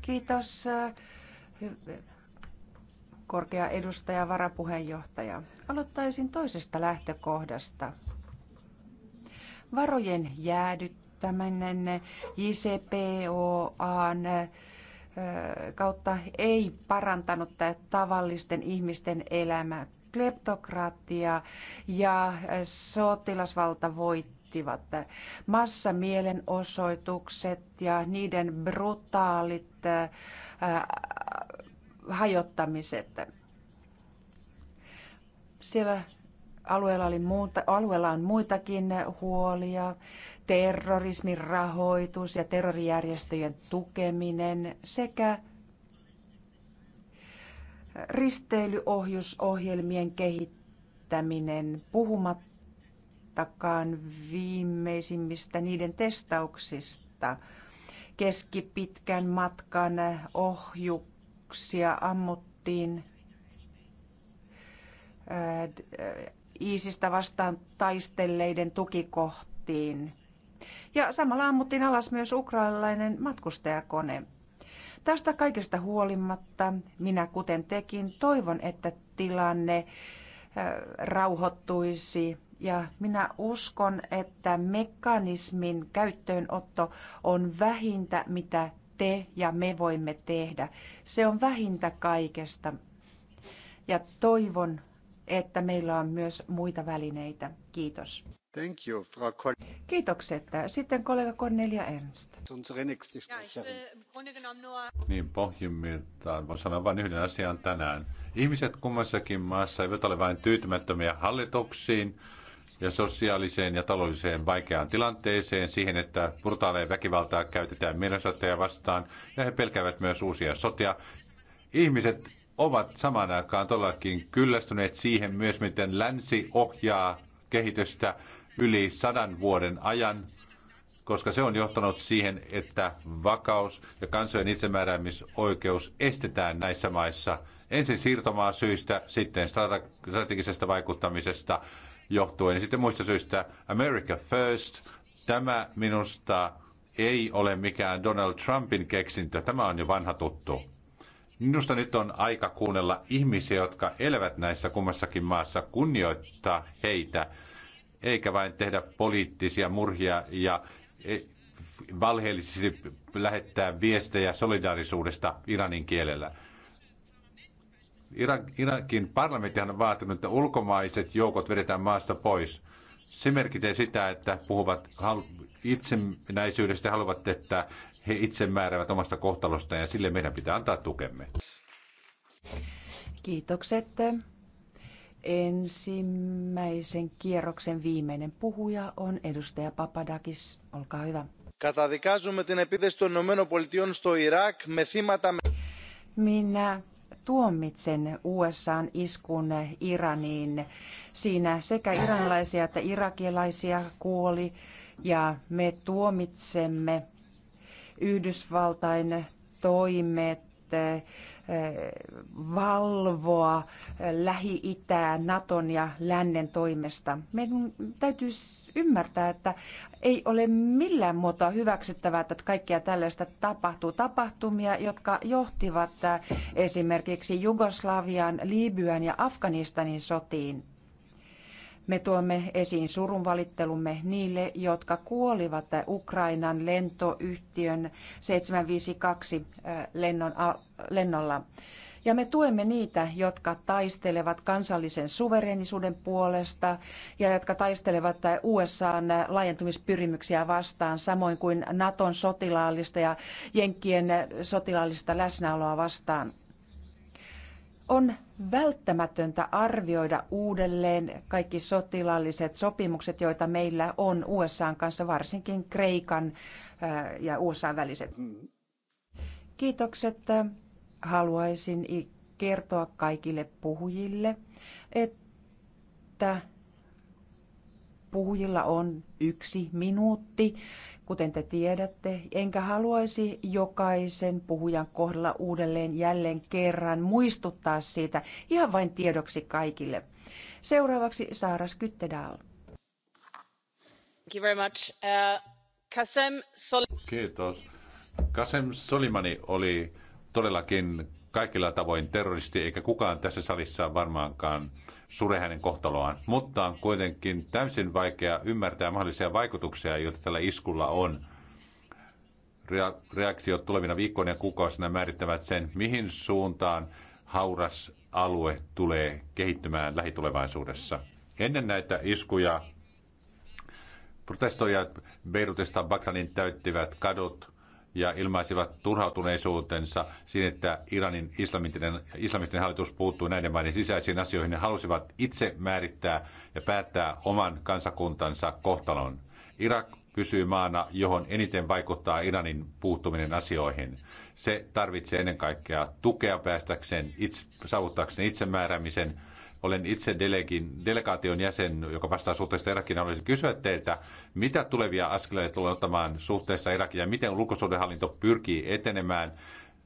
Kiitos äh, korkea edustaja varapuheenjohtaja. Aloittaisin toisesta lähtökohdasta. Varojen jäädyttäminen JCPOAn kautta ei parantanut tavallisten ihmisten elämää. Kleptokratia ja sotilasvalta voittivat. Massamielenosoitukset ja niiden brutaalit hajottamiset siellä alueella, oli muuta, alueella on muitakin huolia, terrorismin rahoitus ja terrorijärjestöjen tukeminen sekä risteilyohjusohjelmien kehittäminen, puhumattakaan viimeisimmistä niiden testauksista, keskipitkän matkan ohjuksia ammuttiin isistä vastaan taistelleiden tukikohtiin. Ja samalla ammuttiin alas myös ukrainalainen matkustajakone. Tästä kaikesta huolimatta minä kuten tekin toivon, että tilanne rauhoittuisi ja minä uskon, että mekanismin käyttöönotto on vähintä, mitä te ja me voimme tehdä. Se on vähintä kaikesta. Ja toivon, että meillä on myös muita välineitä. Kiitos. Thank you, Frau Kiitokset. Sitten kollega Cornelia Ernst. Äh, niin pohjimmiltaan voin sanoa vain yhden asian tänään. Ihmiset kummassakin maassa eivät ole vain tyytymättömiä hallituksiin ja sosiaaliseen ja taloudelliseen vaikeaan tilanteeseen, siihen, että brutaaleja väkivaltaa käytetään mielenosoittajia vastaan, ja he pelkäävät myös uusia sotia. Ihmiset ovat samaan aikaan todellakin kyllästyneet siihen myös, miten länsi ohjaa kehitystä yli sadan vuoden ajan, koska se on johtanut siihen, että vakaus ja kansojen itsemääräämisoikeus estetään näissä maissa. Ensin siirtomaa syistä, sitten strategisesta vaikuttamisesta johtuen ja sitten muista syistä America First. Tämä minusta ei ole mikään Donald Trumpin keksintö, tämä on jo vanha tuttu. Minusta nyt on aika kuunnella ihmisiä, jotka elävät näissä kummassakin maassa, kunnioittaa heitä, eikä vain tehdä poliittisia murhia ja e, valheellisesti lähettää viestejä solidaarisuudesta Iranin kielellä. Irakin parlamenttihan on vaatinut, että ulkomaiset joukot vedetään maasta pois. Se merkitsee sitä, että puhuvat itsenäisyydestä, haluavat, että he itse määräävät omasta kohtalostaan ja sille meidän pitää antaa tukemme. Kiitokset. Ensimmäisen kierroksen viimeinen puhuja on edustaja Papadakis. Olkaa hyvä. Καταδικάζουμε την επίθεση των Ηνωμένων Πολιτειών στο Ιράκ με θύματα... Minä tuomitsen USAn iskun Iraniin. Siinä sekä iranilaisia että irakilaisia kuoli ja me tuomitsemme Yhdysvaltain toimet eh, valvoa eh, Lähi-Itää Naton ja Lännen toimesta. Meidän täytyy ymmärtää, että ei ole millään muuta hyväksyttävää, että kaikkia tällaista tapahtuu. Tapahtumia, jotka johtivat eh, esimerkiksi Jugoslavian, Libyan ja Afganistanin sotiin. Me tuomme esiin surunvalittelumme niille, jotka kuolivat Ukrainan lentoyhtiön 752 äh, lennon, lennolla. Ja me tuemme niitä, jotka taistelevat kansallisen suverenisuuden puolesta ja jotka taistelevat USAn laajentumispyrimyksiä vastaan, samoin kuin Naton sotilaallista ja Jenkkien sotilaallista läsnäoloa vastaan. On välttämätöntä arvioida uudelleen kaikki sotilaalliset sopimukset, joita meillä on USAn kanssa, varsinkin Kreikan ja USAn väliset. Kiitokset. Haluaisin kertoa kaikille puhujille, että puhujilla on yksi minuutti Kuten te tiedätte, enkä haluaisi jokaisen puhujan kohdalla uudelleen jälleen kerran muistuttaa siitä ihan vain tiedoksi kaikille. Seuraavaksi Saara Skyttedal. Uh, Kiitos. Kasem Solimani oli todellakin kaikilla tavoin terroristi, eikä kukaan tässä salissa varmaankaan sure hänen kohtaloaan, mutta on kuitenkin täysin vaikea ymmärtää mahdollisia vaikutuksia, joita tällä iskulla on. Reaktiot tulevina viikkoina ja kuukausina määrittävät sen, mihin suuntaan hauras alue tulee kehittymään lähitulevaisuudessa. Ennen näitä iskuja protestoijat Beirutista Bagdadin täyttivät kadut ja ilmaisivat turhautuneisuutensa siinä, että Iranin islamistinen, islamistinen hallitus puuttuu näiden maiden sisäisiin asioihin. Ne halusivat itse määrittää ja päättää oman kansakuntansa kohtalon. Irak pysyy maana, johon eniten vaikuttaa Iranin puuttuminen asioihin. Se tarvitsee ennen kaikkea tukea päästäkseen, itse, saavuttaakseen itsemääräämisen olen itse delegin, delegaation jäsen, joka vastaa suhteesta Irakiin. Haluaisin kysyä teiltä, mitä tulevia askeleita tulee ottamaan suhteessa Irakiin ja miten ulkosuhdehallinto pyrkii etenemään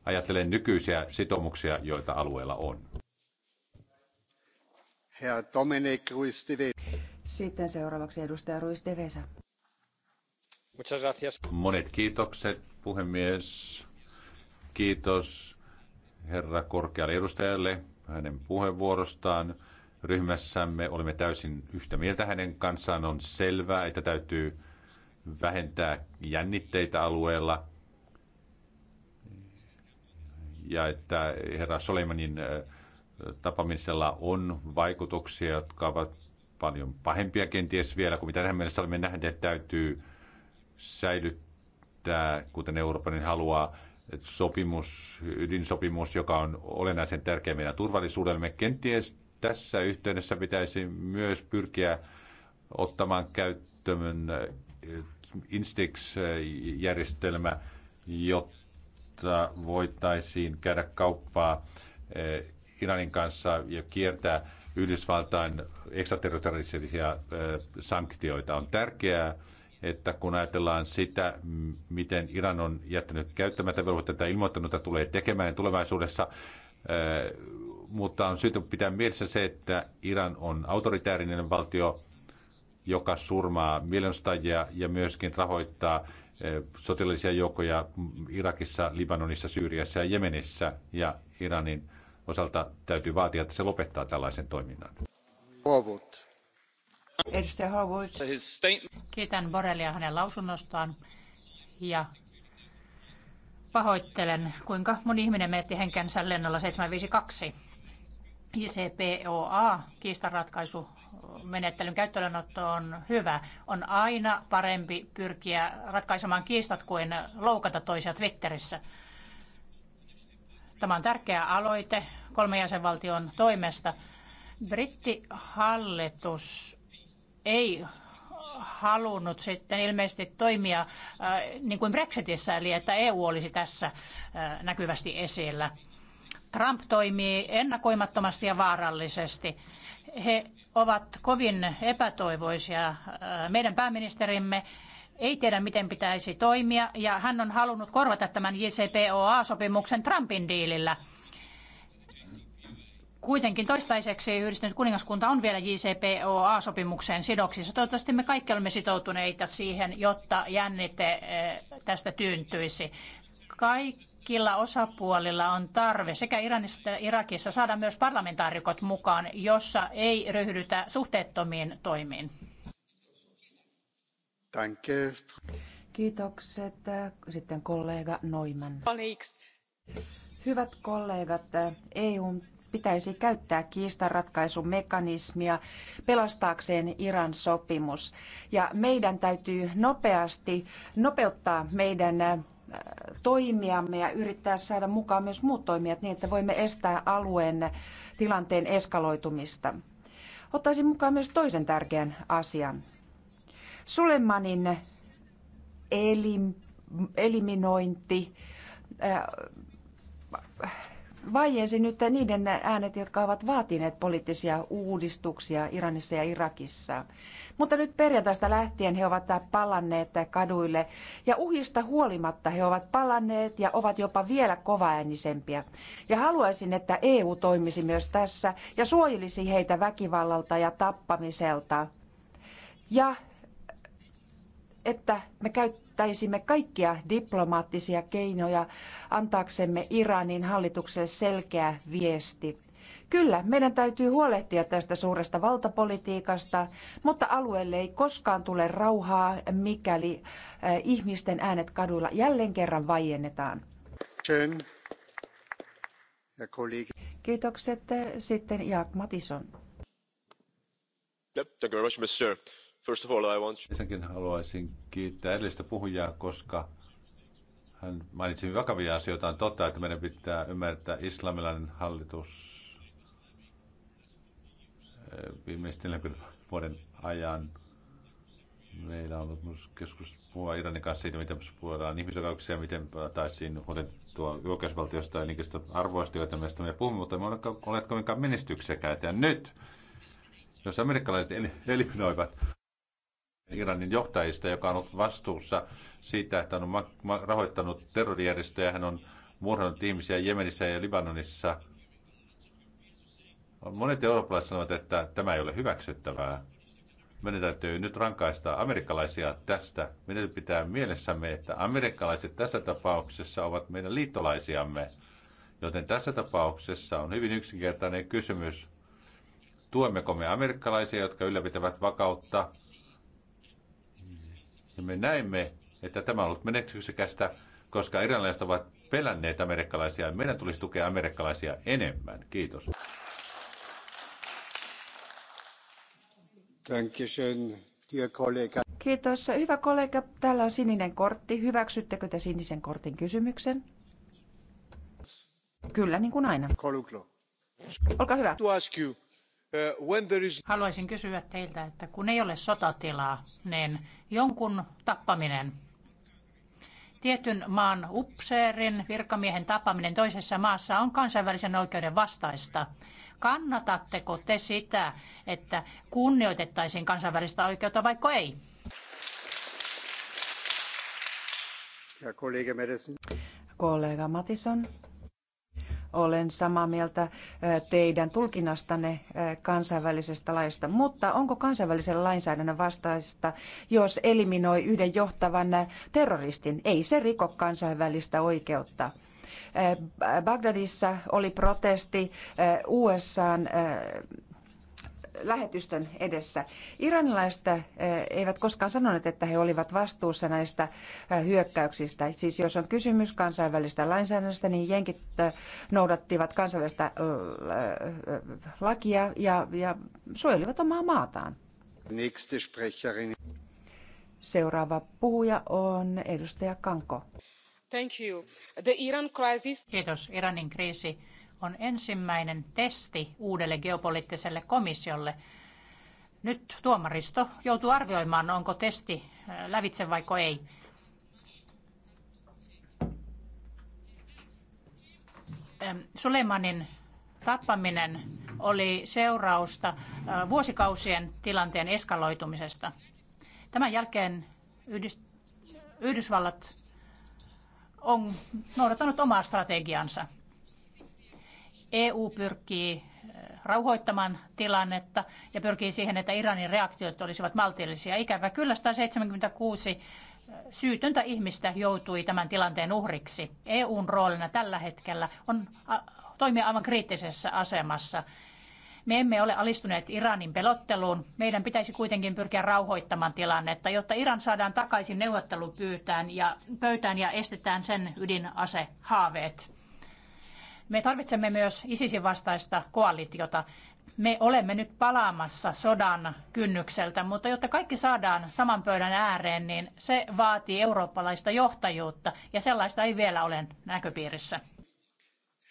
ajattelen nykyisiä sitoumuksia, joita alueella on. Herr Dominik Ruiz de Sitten seuraavaksi edustaja Ruiz de Vesa. Monet kiitokset, puhemies. Kiitos herra korkealle edustajalle hänen puheenvuorostaan ryhmässämme. Olemme täysin yhtä mieltä hänen kanssaan. On selvää, että täytyy vähentää jännitteitä alueella. Ja että herra Soleimanin tapaamisella on vaikutuksia, jotka ovat paljon pahempia kenties vielä kuin mitä tähän mennessä olemme nähneet. Täytyy säilyttää, kuten Euroopan niin haluaa, sopimus, ydinsopimus, joka on olennaisen tärkeä meidän turvallisuudellemme. Kenties tässä yhteydessä pitäisi myös pyrkiä ottamaan käyttöön eh, Instix-järjestelmä, jotta voitaisiin käydä kauppaa eh, Iranin kanssa ja kiertää Yhdysvaltain ekstraterritoriallisia eh, sanktioita. On tärkeää, että kun ajatellaan sitä, miten Iran on jättänyt käyttämättä velvoitteita ja ilmoittanut, että tulee tekemään tulevaisuudessa, eh, mutta on syytä pitää mielessä se, että Iran on autoritäärinen valtio, joka surmaa mielenostajia ja myöskin rahoittaa eh, sotilaallisia joukkoja Irakissa, Libanonissa, Syyriassa ja Jemenissä. Ja Iranin osalta täytyy vaatia, että se lopettaa tällaisen toiminnan. Luovut. Edustaja Kiitän Borrellia hänen lausunnostaan ja pahoittelen, kuinka moni ihminen menetti henkensä lennolla 752. ICPOA, kiistanratkaisu, menettelyn käyttöönotto on hyvä. On aina parempi pyrkiä ratkaisemaan kiistat kuin loukata toisia Twitterissä. Tämä on tärkeä aloite kolmen jäsenvaltion toimesta. Brittihallitus ei halunnut sitten ilmeisesti toimia äh, niin kuin Brexitissä, eli että EU olisi tässä äh, näkyvästi esillä. Trump toimii ennakoimattomasti ja vaarallisesti. He ovat kovin epätoivoisia. Äh, meidän pääministerimme ei tiedä, miten pitäisi toimia, ja hän on halunnut korvata tämän JCPOA-sopimuksen Trumpin diilillä – Kuitenkin toistaiseksi yhdistynyt kuningaskunta on vielä JCPOA-sopimukseen sidoksissa. Toivottavasti me kaikki olemme sitoutuneita siihen, jotta jännite eh, tästä tyyntyisi. Kaikilla osapuolilla on tarve sekä Iranissa että Irakissa saada myös parlamentaarikot mukaan, jossa ei ryhdytä suhteettomiin toimiin. Kiitokset. Sitten kollega Noiman. Hyvät kollegat, EUn pitäisi käyttää kiistanratkaisumekanismia pelastaakseen Iran sopimus. Ja meidän täytyy nopeasti nopeuttaa meidän äh, toimiamme ja yrittää saada mukaan myös muut toimijat niin, että voimme estää alueen tilanteen eskaloitumista. Ottaisin mukaan myös toisen tärkeän asian. Sulemanin elim, eliminointi, äh, vaiensi nyt niiden äänet, jotka ovat vaatineet poliittisia uudistuksia Iranissa ja Irakissa. Mutta nyt perjantaista lähtien he ovat palanneet kaduille ja uhista huolimatta he ovat palanneet ja ovat jopa vielä kovaäänisempiä. Ja haluaisin, että EU toimisi myös tässä ja suojelisi heitä väkivallalta ja tappamiselta. Ja että me käyttäisimme käyttäisimme kaikkia diplomaattisia keinoja antaaksemme Iranin hallitukselle selkeä viesti. Kyllä, meidän täytyy huolehtia tästä suuresta valtapolitiikasta, mutta alueelle ei koskaan tule rauhaa, mikäli eh, ihmisten äänet kaduilla jälleen kerran vaiennetaan. Kiitokset. Eh, sitten Jaak Matison. Yep, thank you very much, Mr. First of all, I want... Ensinnäkin haluaisin kiittää edellistä puhujaa, koska hän mainitsi vakavia asioita. On totta, että meidän pitää ymmärtää islamilainen hallitus eh, viimeisten 40 vuoden ajan. Meillä on ollut myös keskustelua Iranin kanssa siitä, miten puhutaan ihmisoikeuksia, miten taisiin otettua julkisvaltiosta ja niistä arvoista, joita meistä me puhumme, mutta me oletko kovinkaan menestyksekäitä. Ja nyt, jos amerikkalaiset eliminoivat Iranin johtajista, joka on ollut vastuussa siitä, että hän on rahoittanut terrorijärjestöjä, hän on murhannut ihmisiä Jemenissä ja Libanonissa. Monet eurooppalaiset sanovat, että tämä ei ole hyväksyttävää. Meidän täytyy nyt rankaista amerikkalaisia tästä. Meidän pitää mielessämme, että amerikkalaiset tässä tapauksessa ovat meidän liittolaisiamme. Joten tässä tapauksessa on hyvin yksinkertainen kysymys. Tuemmeko me amerikkalaisia, jotka ylläpitävät vakautta, me näemme, että tämä on ollut menestyksekästä, koska iranilaiset ovat pelänneet amerikkalaisia ja meidän tulisi tukea amerikkalaisia enemmän. Kiitos. Kiitos. Hyvä kollega, täällä on sininen kortti. Hyväksyttekö te sinisen kortin kysymyksen? Kyllä, niin kuin aina. Olkaa hyvä. Uh, Haluaisin kysyä teiltä, että kun ei ole sotatilaa, niin jonkun tappaminen, tietyn maan upseerin virkamiehen tappaminen toisessa maassa on kansainvälisen oikeuden vastaista. Kannatatteko te sitä, että kunnioitettaisiin kansainvälistä oikeutta vaiko ei? Kollega Madison. Kollega Matison. Olen samaa mieltä teidän tulkinnastanne kansainvälisestä laista, mutta onko kansainvälisen lainsäädännön vastaista, jos eliminoi yhden johtavan terroristin? Ei se riko kansainvälistä oikeutta. Bagdadissa oli protesti USAn lähetystön edessä. Iranilaiset eh, eivät koskaan sanoneet, että he olivat vastuussa näistä eh, hyökkäyksistä. Siis jos on kysymys kansainvälistä lainsäädännöstä, niin jenkit eh, noudattivat kansainvälistä lakia ja, ja suojelivat omaa maataan. Seuraava puhuja on edustaja Kanko. Thank you. The Iran crisis... Kiitos. Iranin kriisi on ensimmäinen testi uudelle geopoliittiselle komissiolle. Nyt tuomaristo joutuu arvioimaan, onko testi äh, lävitse vaiko ei. Ähm, Sulemanin tappaminen oli seurausta äh, vuosikausien tilanteen eskaloitumisesta. Tämän jälkeen Yhdysvallat on noudattanut omaa strategiansa. EU pyrkii eh, rauhoittamaan tilannetta ja pyrkii siihen, että Iranin reaktiot olisivat maltillisia. Ikävä kyllä 176 eh, syytöntä ihmistä joutui tämän tilanteen uhriksi. EUn roolina tällä hetkellä on toimia aivan kriittisessä asemassa. Me emme ole alistuneet Iranin pelotteluun. Meidän pitäisi kuitenkin pyrkiä rauhoittamaan tilannetta, jotta Iran saadaan takaisin neuvottelupyytään ja pöytään ja estetään sen ydinasehaaveet. Me tarvitsemme myös ISISin vastaista koalitiota. Me olemme nyt palaamassa sodan kynnykseltä, mutta jotta kaikki saadaan saman pöydän ääreen, niin se vaatii eurooppalaista johtajuutta, ja sellaista ei vielä ole näköpiirissä.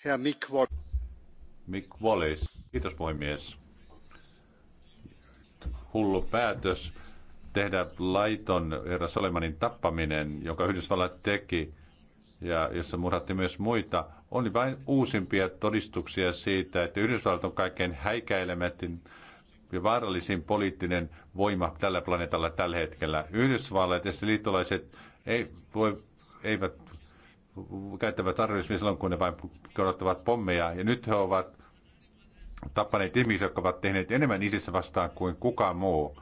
Herra Mick Wallace. Mick Wallace. Kiitos puhemies. Hullu päätös tehdä laiton herra Solemanin tappaminen, jonka Yhdysvallat teki, ja jossa murhattiin myös muita oli vain uusimpia todistuksia siitä, että Yhdysvallat on kaikkein häikäilemätin ja vaarallisin poliittinen voima tällä planeetalla tällä hetkellä. Yhdysvallat ja liittolaiset ei voi, eivät käyttävät terrorismia silloin, kun ne vain korottavat pommeja. Ja nyt he ovat tappaneet ihmisiä, jotka ovat tehneet enemmän isissä vastaan kuin kukaan muu.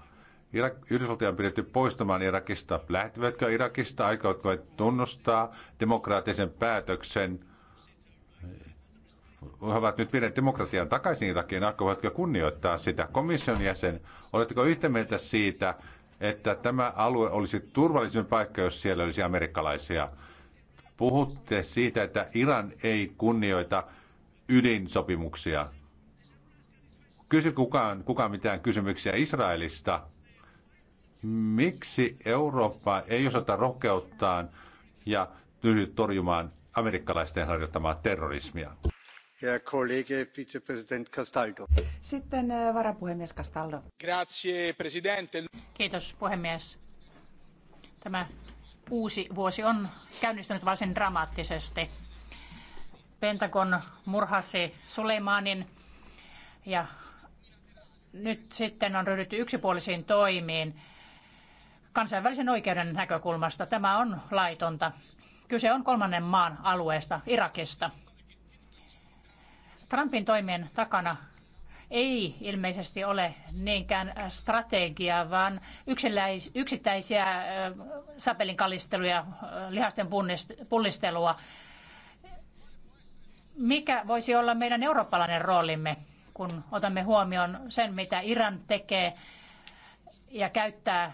Irak, Yhdysvaltoja on pidetty poistamaan Irakista. Lähtivätkö Irakista, aikovatko tunnustaa demokraattisen päätöksen ovat nyt vieneet demokratian takaisin Irakiin, alkoivatko kunnioittaa sitä? Komission jäsen, oletteko yhtä mieltä siitä, että tämä alue olisi turvallisempi paikka, jos siellä olisi amerikkalaisia? Puhutte siitä, että Iran ei kunnioita ydinsopimuksia. Kysy kukaan, kukaan mitään kysymyksiä Israelista. Miksi Eurooppa ei osoita rohkeuttaan ja ryhdy torjumaan amerikkalaisten harjoittamaa terrorismia? herr kollege vizepräsident castaldo. sitten äh, castaldo. tämä uusi vuosi on käynnistynyt varsin dramaattisesti. Pentagon murhasi soleimanin ja nyt sitten on ryhdytty yksipuolisiin toimiin kansainvälisen oikeuden näkökulmasta. Tämä on laitonta. Kyse on kolmannen maan alueesta, Irakista. Trumpin toimien takana ei ilmeisesti ole niinkään strategiaa, vaan yksittäisiä sapelinkalisteluja, lihasten pullistelua. Mikä voisi olla meidän eurooppalainen roolimme, kun otamme huomioon sen, mitä Iran tekee ja käyttää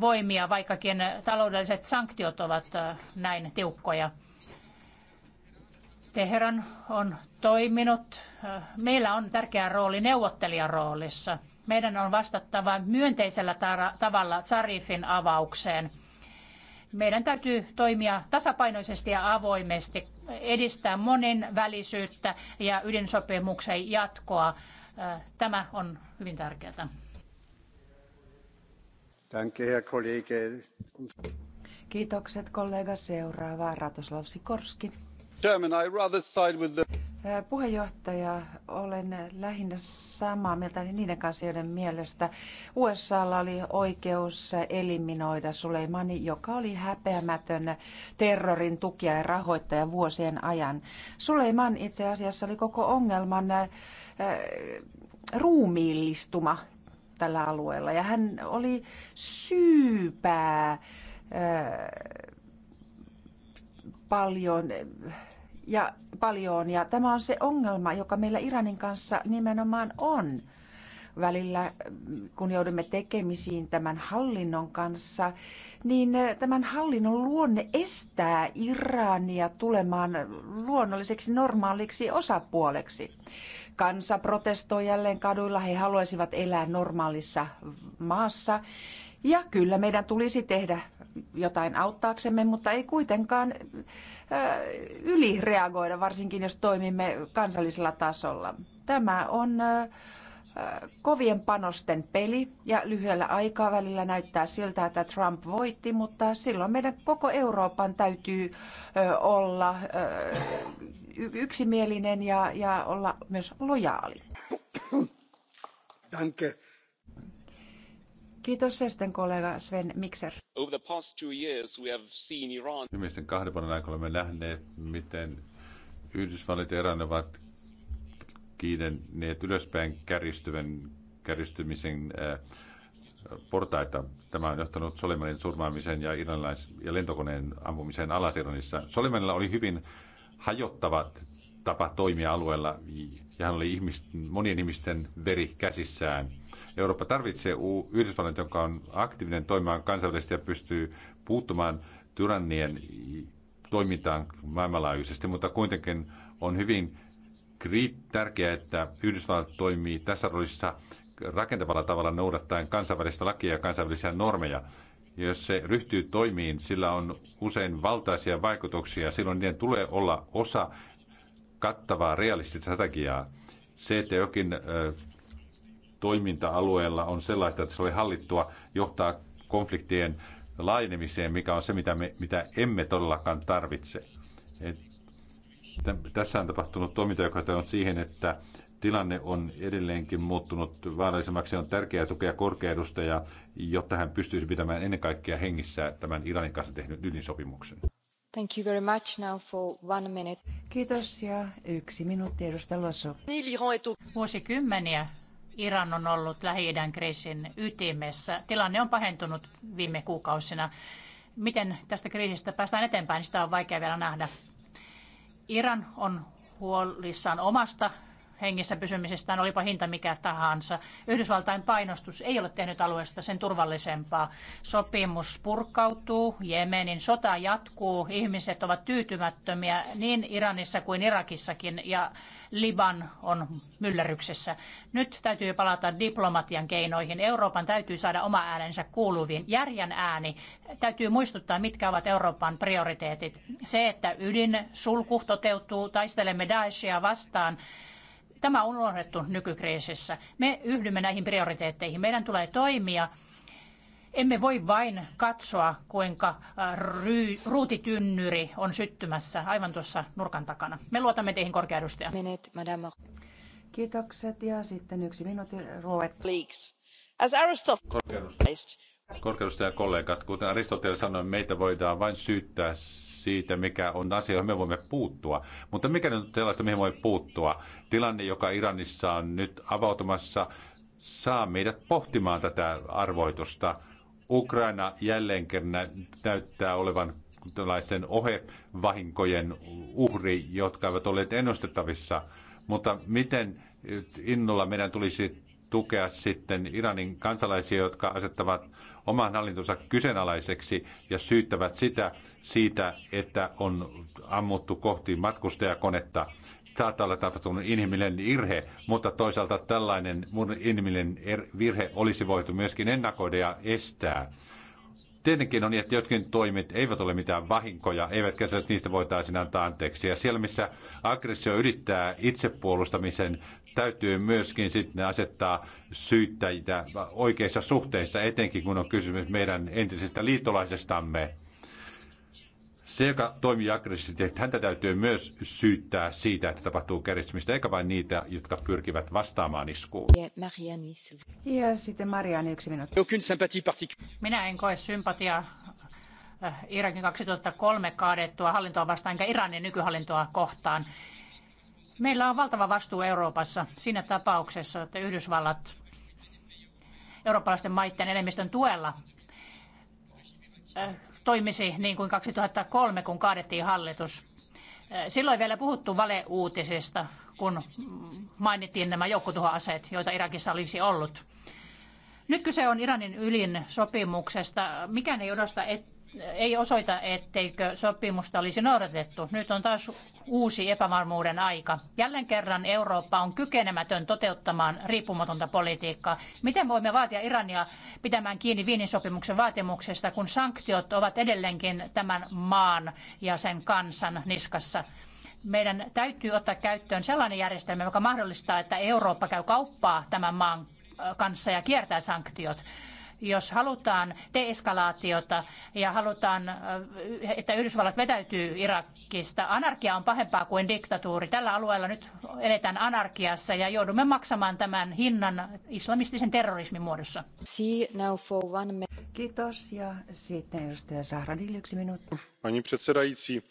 voimia, vaikkakin taloudelliset sanktiot ovat näin tiukkoja? Teheran on toiminut. Meillä on tärkeä rooli neuvottelijan roolissa. Meidän on vastattava myönteisellä tavalla Zarifin avaukseen. Meidän täytyy toimia tasapainoisesti ja avoimesti, edistää monen välisyyttä ja ydinsopimuksen jatkoa. Tämä on hyvin tärkeää. Kiitokset kollega. Seuraava Ratoslav Sikorski puhemies olen lähinnä samaa mieltä niiden kanssa, joiden mielestä USAlla oli oikeus eliminoida Suleimani, joka oli häpeämätön terrorin tukija ja rahoittaja vuosien ajan. soleiman itse asiassa oli koko ongelman ruumiillistuma tällä alueella ja hän oli syypää paljon ja, paljon, ja tämä on se ongelma, joka meillä Iranin kanssa nimenomaan on. Välillä, kun joudumme tekemisiin tämän hallinnon kanssa, niin eh, tämän hallinnon luonne estää Irania tulemaan luonnolliseksi normaaliksi osapuoleksi. Kansa protestoi jälleen kaduilla, he haluaisivat elää normaalissa maassa, ja kyllä meidän tulisi tehdä jotain auttaaksemme, mutta ei kuitenkaan äh, ylireagoida, varsinkin jos toimimme kansallisella tasolla. Tämä on äh, kovien panosten peli ja lyhyellä aikavälillä näyttää siltä, että Trump voitti, mutta silloin meidän koko Euroopan täytyy olla yksimielinen ja, ja olla myös lojaali. Danke. Kiitos sitten kollega Sven Mikser. Over the past two years we have seen Iran... Viimeisten kahden vuoden aikana olemme nähneet, miten Yhdysvallit ja Iran ovat kiidenneet ylöspäin kärjistyvän, kärjistymisen äh, portaita. Tämä on johtanut Solimanin surmaamiseen ja, iranilais- ja lentokoneen ampumiseen alas Iranissa. Solimanilla oli hyvin hajottava tapa toimia alueella ja hän oli ihmisten, monien ihmisten veri käsissään – Eurooppa tarvitsee Yhdysvallat, joka on aktiivinen toimimaan kansainvälisesti ja pystyy puuttumaan tyrannien toimintaan maailmanlaajuisesti, mutta kuitenkin on hyvin tärkeää, että Yhdysvallat toimii tässä roolissa rakentavalla tavalla noudattaen kansainvälistä lakia ja kansainvälisiä normeja. Ja jos se ryhtyy toimiin, sillä on usein valtaisia vaikutuksia. Silloin niiden tulee olla osa kattavaa realistista strategiaa. Se, että jokin toiminta alueella on sellaista, että se oli hallittua johtaa konfliktien laajenemiseen, mikä on se, mitä, me, mitä emme todellakaan tarvitse. Et, tässä on tapahtunut toiminta, joka on siihen, että tilanne on edelleenkin muuttunut vaarallisemmaksi. On tärkeää tukea ja jotta hän pystyisi pitämään ennen kaikkea hengissä tämän Iranin kanssa tehnyt ydinsopimuksen. Thank you very much now for one minute. Kiitos ja yksi minuutti edustaja Lasso. Niin, Vuosikymmeniä Iran on ollut Lähi-idän kriisin ytimessä. Tilanne on pahentunut viime kuukausina. Miten tästä kriisistä päästään eteenpäin, sitä on vaikea vielä nähdä. Iran on huolissaan omasta hengissä pysymisestään, olipa hinta mikä tahansa. Yhdysvaltain painostus ei ole tehnyt alueesta sen turvallisempaa. Sopimus purkautuu, Jemenin sota jatkuu, ihmiset ovat tyytymättömiä niin Iranissa kuin Irakissakin ja Liban on myllerryksessä. Nyt täytyy palata diplomatian keinoihin. Euroopan täytyy saada oma äänensä kuuluviin. Järjen ääni. Täytyy muistuttaa, mitkä ovat Euroopan prioriteetit. Se, että ydinsulku toteutuu, taistelemme Daeshia vastaan, Tämä on unohdettu nykykriisissä. Me yhdymme näihin prioriteetteihin. Meidän tulee toimia emme voi vain katsoa, kuinka ryy, ruutitynnyri on syttymässä aivan tuossa nurkan takana. Me luotamme teihin, korkea edustaja. Kiitokset ja sitten yksi minuutti ruoet. As Korkeudustajan kollegat, kuten Aristoteles sanoi, meitä voidaan vain syyttää siitä, mikä on asia, johon me voimme puuttua. Mutta mikä on sellaista, mihin voi puuttua? Tilanne, joka Iranissa on nyt avautumassa, saa meidät pohtimaan tätä arvoitusta. Ukraina jälleen kerran näyttää olevan tällaisten ohevahinkojen uhri, jotka eivät olleet ennustettavissa. Mutta miten innolla meidän tulisi tukea sitten Iranin kansalaisia, jotka asettavat oman hallintonsa kyseenalaiseksi ja syyttävät sitä siitä, että on ammuttu kohti matkustajakonetta saattaa olla tapahtunut inhimillinen virhe, mutta toisaalta tällainen mun inhimillinen er-, virhe olisi voitu myöskin ennakoida ja estää. Tietenkin on niin, että jotkin toimet eivät ole mitään vahinkoja, eivätkä se, että niistä voitaisiin antaa anteeksi. Ja siellä, missä aggressio yrittää itsepuolustamisen, täytyy myöskin sitten asettaa syyttäjitä oikeissa suhteissa, etenkin kun on kysymys meidän entisistä liittolaisestamme – se, joka toimii aggressiivisesti, häntä täytyy myös syyttää siitä, että tapahtuu kärjistymistä, eikä vain niitä, jotka pyrkivät vastaamaan iskuun. Ja sitten Marianne, yksi minuutti. Minä en koe sympatiaa äh, Irakin 2003 kaadettua hallintoa vastaan, enkä Iranin nykyhallintoa kohtaan. Meillä on valtava vastuu Euroopassa siinä tapauksessa, että Yhdysvallat eurooppalaisten maiden enemmistön tuella äh, toimisi niin kuin 2003, kun kaadettiin hallitus. Äh, silloin vielä puhuttu valeuutisista, kun mainittiin nämä joukkotuhoaseet, joita Irakissa olisi ollut. Nyt kyse on Iranin ylin sopimuksesta. Mikään ei, odosta, et, ei osoita, etteikö sopimusta olisi noudatettu. Nyt on taas uusi epävarmuuden aika. Jälleen kerran Eurooppa on kykenemätön toteuttamaan riippumatonta politiikkaa. Miten voimme vaatia Irania pitämään kiinni Viinin sopimuksen vaatimuksesta, kun sanktiot ovat edelleenkin tämän maan ja sen kansan niskassa? Meidän täytyy ottaa käyttöön sellainen järjestelmä, joka mahdollistaa, että Eurooppa käy kauppaa tämän maan äh, kanssa ja kiertää sanktiot. Jos halutaan deeskalaatiota ja halutaan, äh, että Yhdysvallat vetäytyy Irakista, anarkia on pahempaa kuin diktatuuri. Tällä alueella nyt eletään anarkiassa ja joudumme maksamaan tämän hinnan islamistisen terrorismin muodossa. Kiitos ja sitten edustaja Sahradil yksi minuutti. Pani předsedající,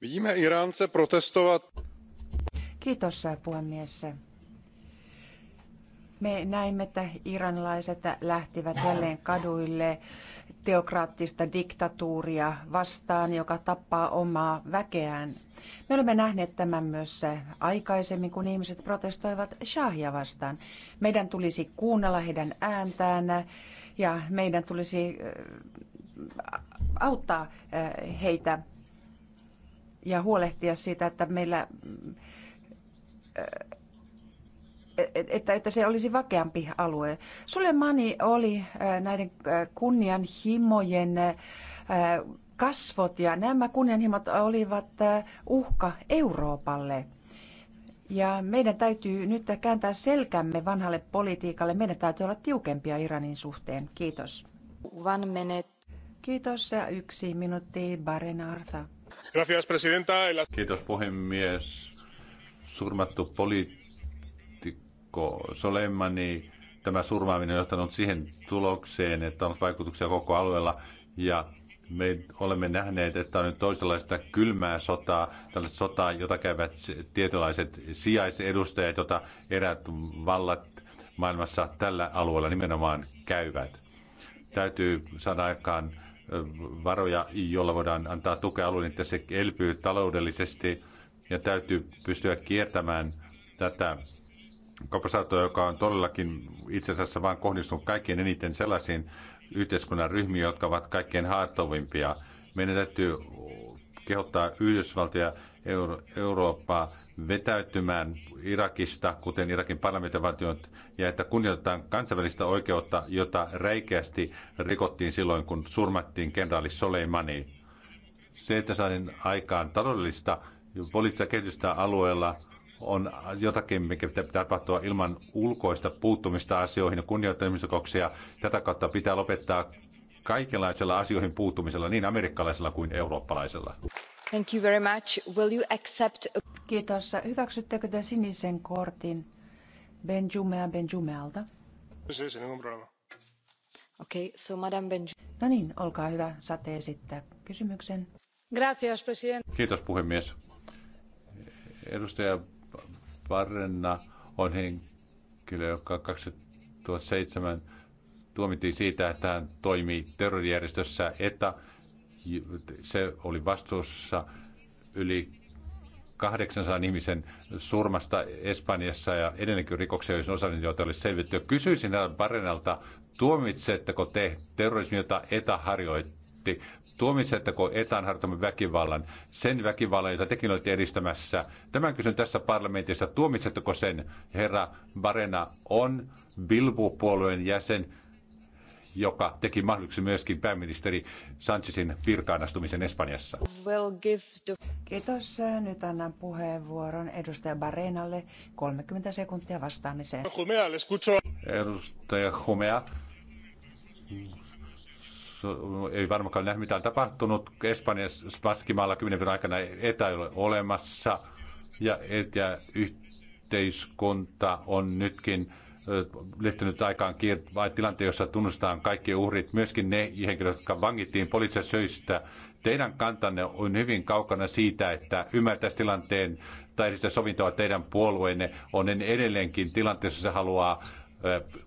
vidíme Iránce protestovat. Kiitos puhemies me näimme, että iranilaiset lähtivät jälleen kaduille teokraattista diktatuuria vastaan, joka tappaa omaa väkeään. Me olemme nähneet tämän myös aikaisemmin, kun ihmiset protestoivat Shahia vastaan. Meidän tulisi kuunnella heidän ääntään ja meidän tulisi äh, auttaa äh, heitä ja huolehtia siitä, että meillä äh, että, että se olisi vakeampi alue. Sulemani oli äh, näiden äh, kunnianhimojen äh, kasvot ja nämä kunnianhimot olivat uhka Euroopalle. Ja meidän täytyy nyt kääntää selkämme vanhalle politiikalle. Meidän täytyy olla tiukempia Iranin suhteen. Kiitos. One minute. Kiitos ja yksi minuutti Baren Arta. Gracias, presidenta. Kiitos puhemies. Surmattu poliitikko Marko Soleimani, tämä surmaaminen on johtanut siihen tulokseen, että on vaikutuksia koko alueella ja me olemme nähneet, että on nyt toisenlaista kylmää sotaa, tällaista sotaa, jota käyvät tietynlaiset sijaisedustajat, jota erät vallat maailmassa tällä alueella nimenomaan käyvät. Täytyy saada aikaan varoja, joilla voidaan antaa tukea alueen, että se elpyy taloudellisesti ja täytyy pystyä kiertämään tätä kauppasaartoja, joka on todellakin itse asiassa vain kohdistunut kaikkein eniten sellaisiin yhteiskunnan ryhmiin, jotka ovat kaikkein haartovimpia. Meidän täytyy kehottaa Yhdysvaltoja Euro- Eurooppaa vetäytymään Irakista, kuten Irakin parlamentinvaltiot, ja että kunnioitetaan kansainvälistä oikeutta, jota räikeästi rikottiin silloin, kun surmattiin kenraali Soleimani. Se, että saatiin aikaan taloudellista poliittista kehitystä alueella, on jotakin, mikä pitää tapahtua ilman ulkoista puuttumista asioihin ja kunnioittamisrikoksia. Tätä kautta pitää lopettaa kaikenlaisella asioihin puuttumisella, niin amerikkalaisella kuin eurooppalaisella. Thank you very much. Will you accept... Kiitos. Hyväksyttekö te sinisen kortin Benjumea Benjumealta? Okei, okay, so Madame Benjumea. No niin, olkaa hyvä. Saatte esittää kysymyksen. Gracias, president. Kiitos puhemies. Edustaja Varrenna on henkilö, joka 2007 tuomittiin siitä, että hän toimii terrorijärjestössä ETA. Se oli vastuussa yli 800 ihmisen surmasta Espanjassa ja edelleenkin rikoksia, olisi osallinen, joita olisi selvitty. Kysyisin varrenalta tuomitsetteko te terrorismi, jota ETA harjoitti? Tuomitsetteko etan harjoittaman väkivallan, sen väkivallan, jota tekin olette edistämässä? Tämän kysyn tässä parlamentissa. Tuomitsetteko sen? Herra Barena on Bilbu-puolueen jäsen, joka teki mahdolliseksi myöskin pääministeri Sanchezin virkaanastumisen Espanjassa. Well, to... Kiitos. Nyt annan puheenvuoron edustaja Barenalle 30 sekuntia vastaamiseen. Edustaja Humea, ei varmaankaan nähnyt mitään tapahtunut. Espanjassa Baskimaalla kymmenen vuoden aikana etä ei ole olemassa ja yhteiskunta on nytkin liittynyt aikaan kiir- tilanteen, jossa tunnustetaan kaikki uhrit, myöskin ne henkilöt, jotka vangittiin poliittisista syistä. Teidän kantanne on hyvin kaukana siitä, että ymmärtäisi tilanteen tai edistää sovintoa teidän puolueenne on edelleenkin tilanteessa, se haluaa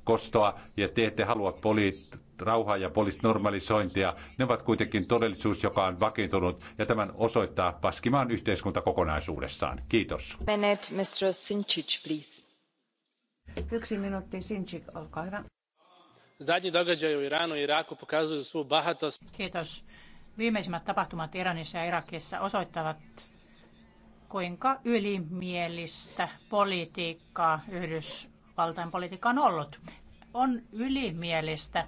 kostoa ja te ette halua poliittista rauhaa ja poliittista normalisointia. Ne ovat kuitenkin todellisuus, joka on vakiintunut ja tämän osoittaa Paskimaan yhteiskunta kokonaisuudessaan. Kiitos. Menet, Mr. Sinčić, please. Yksi minuutti, Sinčić, olkaa hyvä. Zadnji događaj u Iranu i Iraku pokazuju svu bahatost. Kiitos. Viimeisimmät tapahtumat Iranissa ja Irakissa osoittavat kuinka ylimielistä politiikkaa Yhdysvaltain politiikka on ollut. On ylimielistä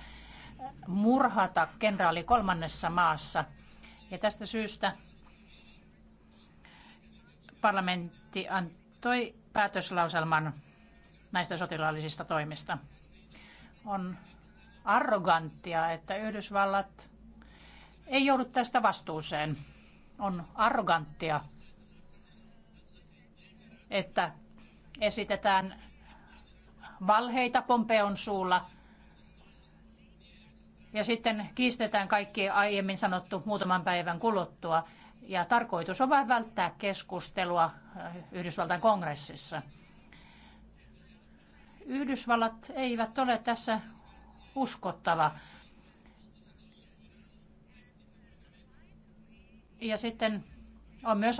murhata kenraali kolmannessa maassa. Ja tästä syystä parlamentti antoi päätöslauselman näistä sotilaallisista toimista. On arroganttia, että Yhdysvallat ei joudu tästä vastuuseen. On arroganttia, että esitetään valheita Pompeon suulla ja sitten kiistetään kaikki aiemmin sanottu muutaman päivän kuluttua. Ja tarkoitus on vain välttää keskustelua äh, Yhdysvaltain kongressissa. Yhdysvallat eivät ole tässä uskottava. Ja sitten on myös